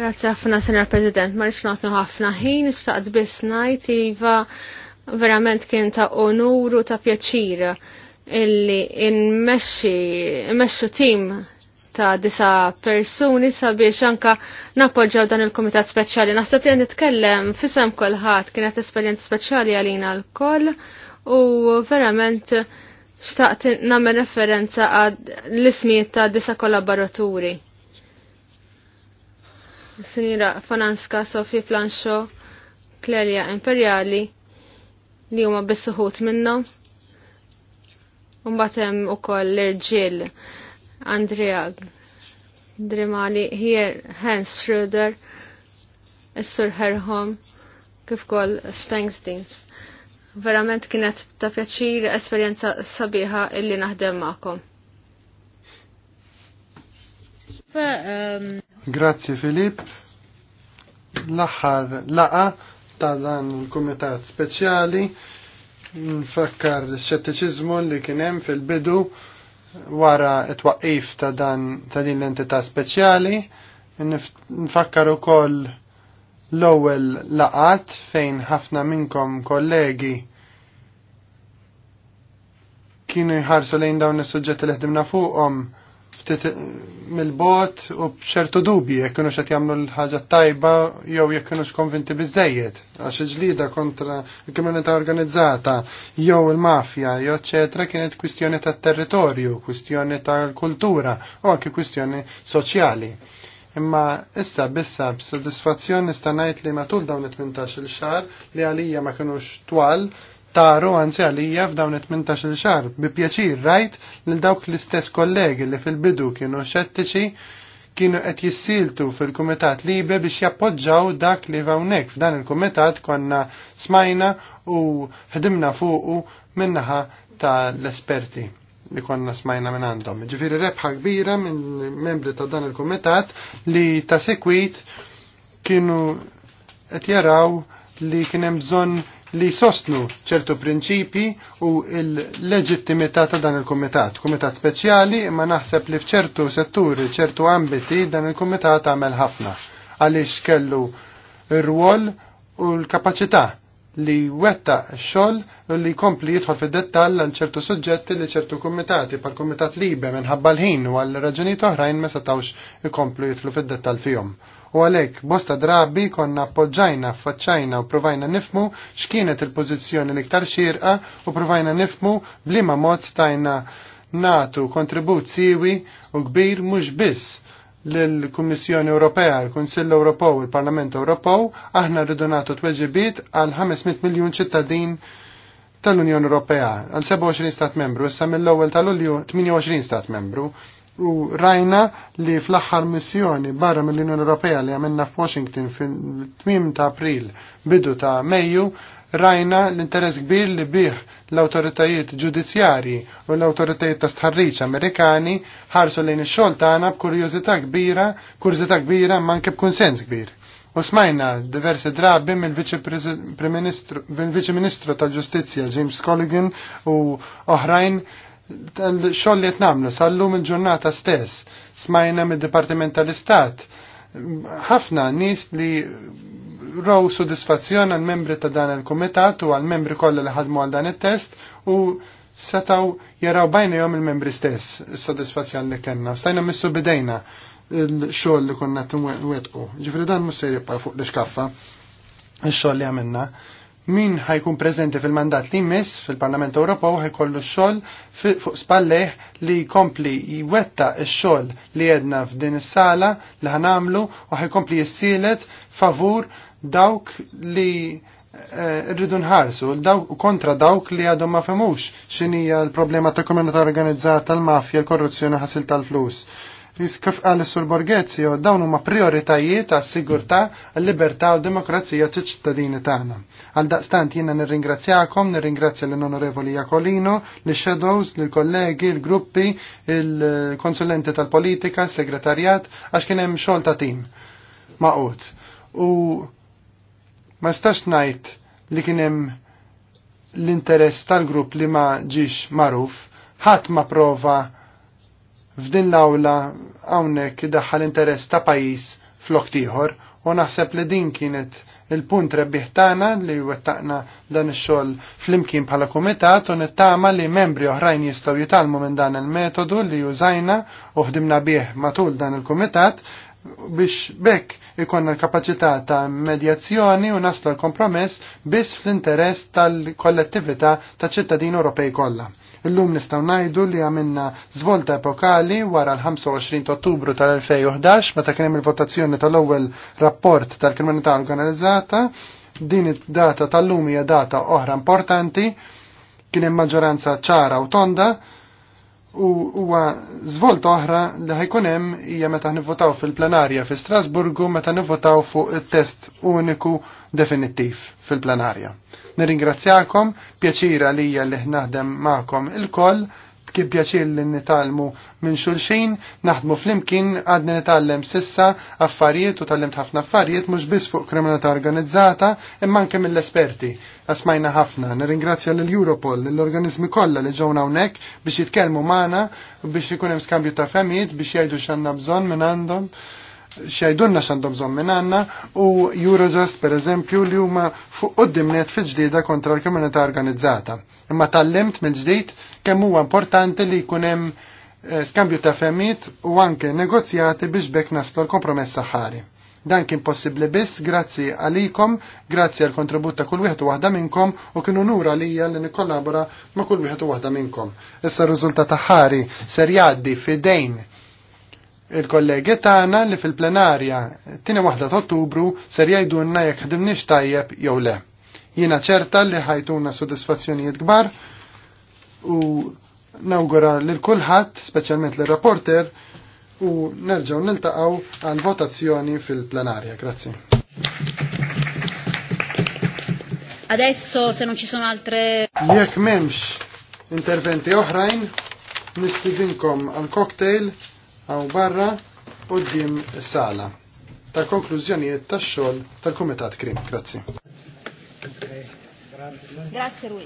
S4: Grazzi ħafna, Senar President, ma rridx nagħtu ħafna ħin, nixtaqt biss ngħid iva verament kien ta' onuru ta' pjaċir illi immexxi immexxu tim ta' disa persuni sabiex anka nappoġġaw dan il-Komitat Speċjali. Naħseb li nitkellem fisem kolħat kienet esperjenza speċjali għalina l-koll u verament xtaqt nagħmel referenza għad l-ismijiet ta' disa kollaboraturi. Sinira Fananska, Sofi Planxo, Klerja Imperiali li huma bissuħut minnhom. Mbagħad hemm ukoll l-irġiel Andrea Drimali, hier Hans Schröder, Sur Herhom, kif kol Spengstins. Verament kienet ta' pjaċir esperjenza sabiħa illi naħdem ma'kom.
S2: Grazzi Filip. L-aħħar laqa ta' dan il-Kumitat Speċjali nfakkar l-xettiċiżmu li kien hemm fil-bidu wara it waqif ta' dan ta' din l-entità speċjali, nfakkar ukoll l-ewwel laqat fejn ħafna minkom kollegi kienu jħarsu lejn dawn is-suġġetti li ħdimna fuqhom ftit mill-bot u bċertu dubi jekk kienu qed jagħmlu l-ħaġa tajba jew jekk kienu konvinti biżejjed għax ġlida kontra l-kriminalità organizzata jew il-mafja jew eċetera kienet kwistjoni tat-territorju, kwistjoni tal-kultura u anke kwistjoni soċjali. Imma issa bissa b'sodisfazzjoni sta ngħid li matul dawn it-18 il xahar li għalija ma kinux twal taru għanzi għalija f'dawn 18 xar bi pjaċir rajt lil dawk l-istess kollegi li fil-bidu kienu xettiċi kienu qed jissiltu fil-Kumitat Libe biex jappoġġaw dak li hawnhekk f'dan il-Kumitat konna smajna u ħdimna fuqu minnaħa tal-esperti li konna smajna minn għandhom. Ġifiri rebħa kbira minn membri ta' dan il-Kumitat li ta' sekwit kienu qed jaraw li kien hemm bżonn li sostnu ċertu prinċipi u l-leġittimità ta' dan il-Kumitat. Kumitat speċjali imma naħseb li f'ċertu setturi, ċertu ambiti dan il-Kumitat għamel ħafna għaliex kellu r-rwol u l-kapacità li wetta xol li kompli jidħol fid dettall għal ċertu suġġetti li ċertu komitati pal komitat libe minħabba l-ħin u għal raġuni toħrajn ma setawx ikomplu jidħlu fid dettall fihom u għalek bosta drabi konna appoġġajna, faċċajna u provajna nifmu xkienet il-pozizjoni l-iktar xirqa u provajna nifmu blima mod stajna natu kontribut siwi u kbir mux biss l-Kummissjoni Ewropea, l-Kunsill Ewropew, il-Parlament Ewropew, aħna rridu nagħtu tweġibiet għal 500 miljun ċittadin tal-Unjoni Ewropea, għal 27 stat membru, issa mill-ewwel tal-Ulju 28 stat membru u rajna li fl-aħħar missjoni barra mill-Unjoni Ewropea li għamilna f'Washington fil-8 ta' April bidu ta' Mejju rajna l-interess kbir li bih l-autoritajiet ġudizzjarji u l-autoritajiet ta' stħarriċ Amerikani ħarsu lejn ix-xogħol tagħna b'kurjużità kbira, kurjużità kbira ma anke b'kunsens kbir. U smajna diversi drabi mill-Viċi Ministru tal-Ġustizzja James Colligan u oħrajn xoll li jtnamlu, sal il-ġurnata stess, smajna mid dipartiment tal-Istat, ħafna nis li row soddisfazzjon għal membri ta' dan il-komitat u għal membri kollha li ħadmu għal dan it-test u setaw jaraw bajna jom il-membri stess soddisfazzjon li kena. Sajna missu bidejna il-xogħol li konna t-wetqu. Ġifri dan mus se jibqa' fuq l xkaffa il-xogħol li għamilna min ħajkun prezenti fil-mandat li jmiss fil-Parlament Ewropew ħajkollu x-xogħol fuq spalleh li jkompli jwetta x-xogħol li jedna f'din is-sala li ħanamlu u ħajkompli jissielet favur dawk li eh, rridu nħarsu kontra dawk li għadhom ma femux x'inhija l-problema ta' komunità organizzata tal-mafja, l-korruzzjoni ħasil tal-flus kif għal sur Borghezio, dawn huma prioritajiet għas sigurtà l-libertà u demokrazija ċittadini tagħna. Għal daqstant jiena nirringrazzjakom, nirringrazzja l-Onorevoli Jakolino, l-Shadows, l-kollegi, l-gruppi, il-konsulenti tal-politika, s-segretarjat, għax kien hemm xogħol ta' tim maqut. U ma stax ngħid li kien hemm l-interess tal-grupp li ma ġiex magħruf, ħadd ma prova f'din l-awla hawnhekk daħħal interess ta' pajjiż flok u naħseb li din kienet il-punt rebbieħ tagħna li wettaqna dan ix-xogħol flimkien bħala kumitat u nittama li membri oħrajn jistgħu jitalmu minn dan il-metodu li użajna u ħdimna bih matul dan il-kumitat biex bekk ikonna l-kapacità ta' medjazzjoni u naslu l-kompromess biss fl-interess tal-kollettività ta' ċittadini Ewropej kollha. Illum nistgħu ngħidu li għamilna żvolta epokali wara l-25 Ottubru tal-2011 meta kien hemm il-votazzjoni tal-ewwel rapport tal-kriminalità organizzata. Din id-data tal-lum hija data oħra importanti kien hemm maġġoranza ċara u tonda u huwa żvolt oħra li ħajkun hemm hija meta nivvotaw fil-plenarja fi Strasburgu meta nivvotaw fuq it-test uniku definittiv fil-plenarja. Nirringrazzjakom, pjaċira lija li naħdem magħkom il-koll, kien pjaċir li nitalmu minn xulxin, naħdmu flimkien għadni nitalem sissa affarijiet u tallemt ħafna affarijiet mhux biss fuq kriminalità organizzata imma anke mill-esperti. Asmajna ħafna, nirringrazzja l europol l-organizmi kollha li ġewna hawnhekk biex jitkellmu magħna biex ikun hemm skambju ta' femijiet biex jgħidu x'għandna bżonn minn għandhom xajdunna xandom zommin għanna u Eurojust per eżempju li huma fuq net fil-ġdida kontra l-komunità organizzata. Imma tallimt mill-ġdid kemm huwa importanti li jkun hemm eh, skambju ta' femmit u anke negozjati biex bekk naslu l-kompromess saħħari. Dan kien possibbli biss grazzi għalikom, grazzi għal kontribut ta' kull wieħed u waħda minnkom u kienu nura li hija li nikkollabora ma' kull wieħed u waħda minnkom. Issa r-riżultat ħari ser jgħaddi fidejn il-kollegi tagħna li fil-plenarja tini waħda ta' Ottubru ser jgħidulna jekk ħdimniex tajjeb jew le. Jiena ċerta li ħajtuna sodisfazzjonijiet kbar u nawgura lil kulħadd, speċjalment lir rapporter u nerġgħu niltaqgħu għal votazzjoni fil-plenarja. Grazzi.
S1: Adesso se non ci sono altre
S2: Jekk m'hemmx interventi oħrajn, nistidinkom għal cocktail għaw barra u d-dim sala ta' konklużjonijiet ta' xol tal-Kumitat Krim. Grazie. Grazie, Rui.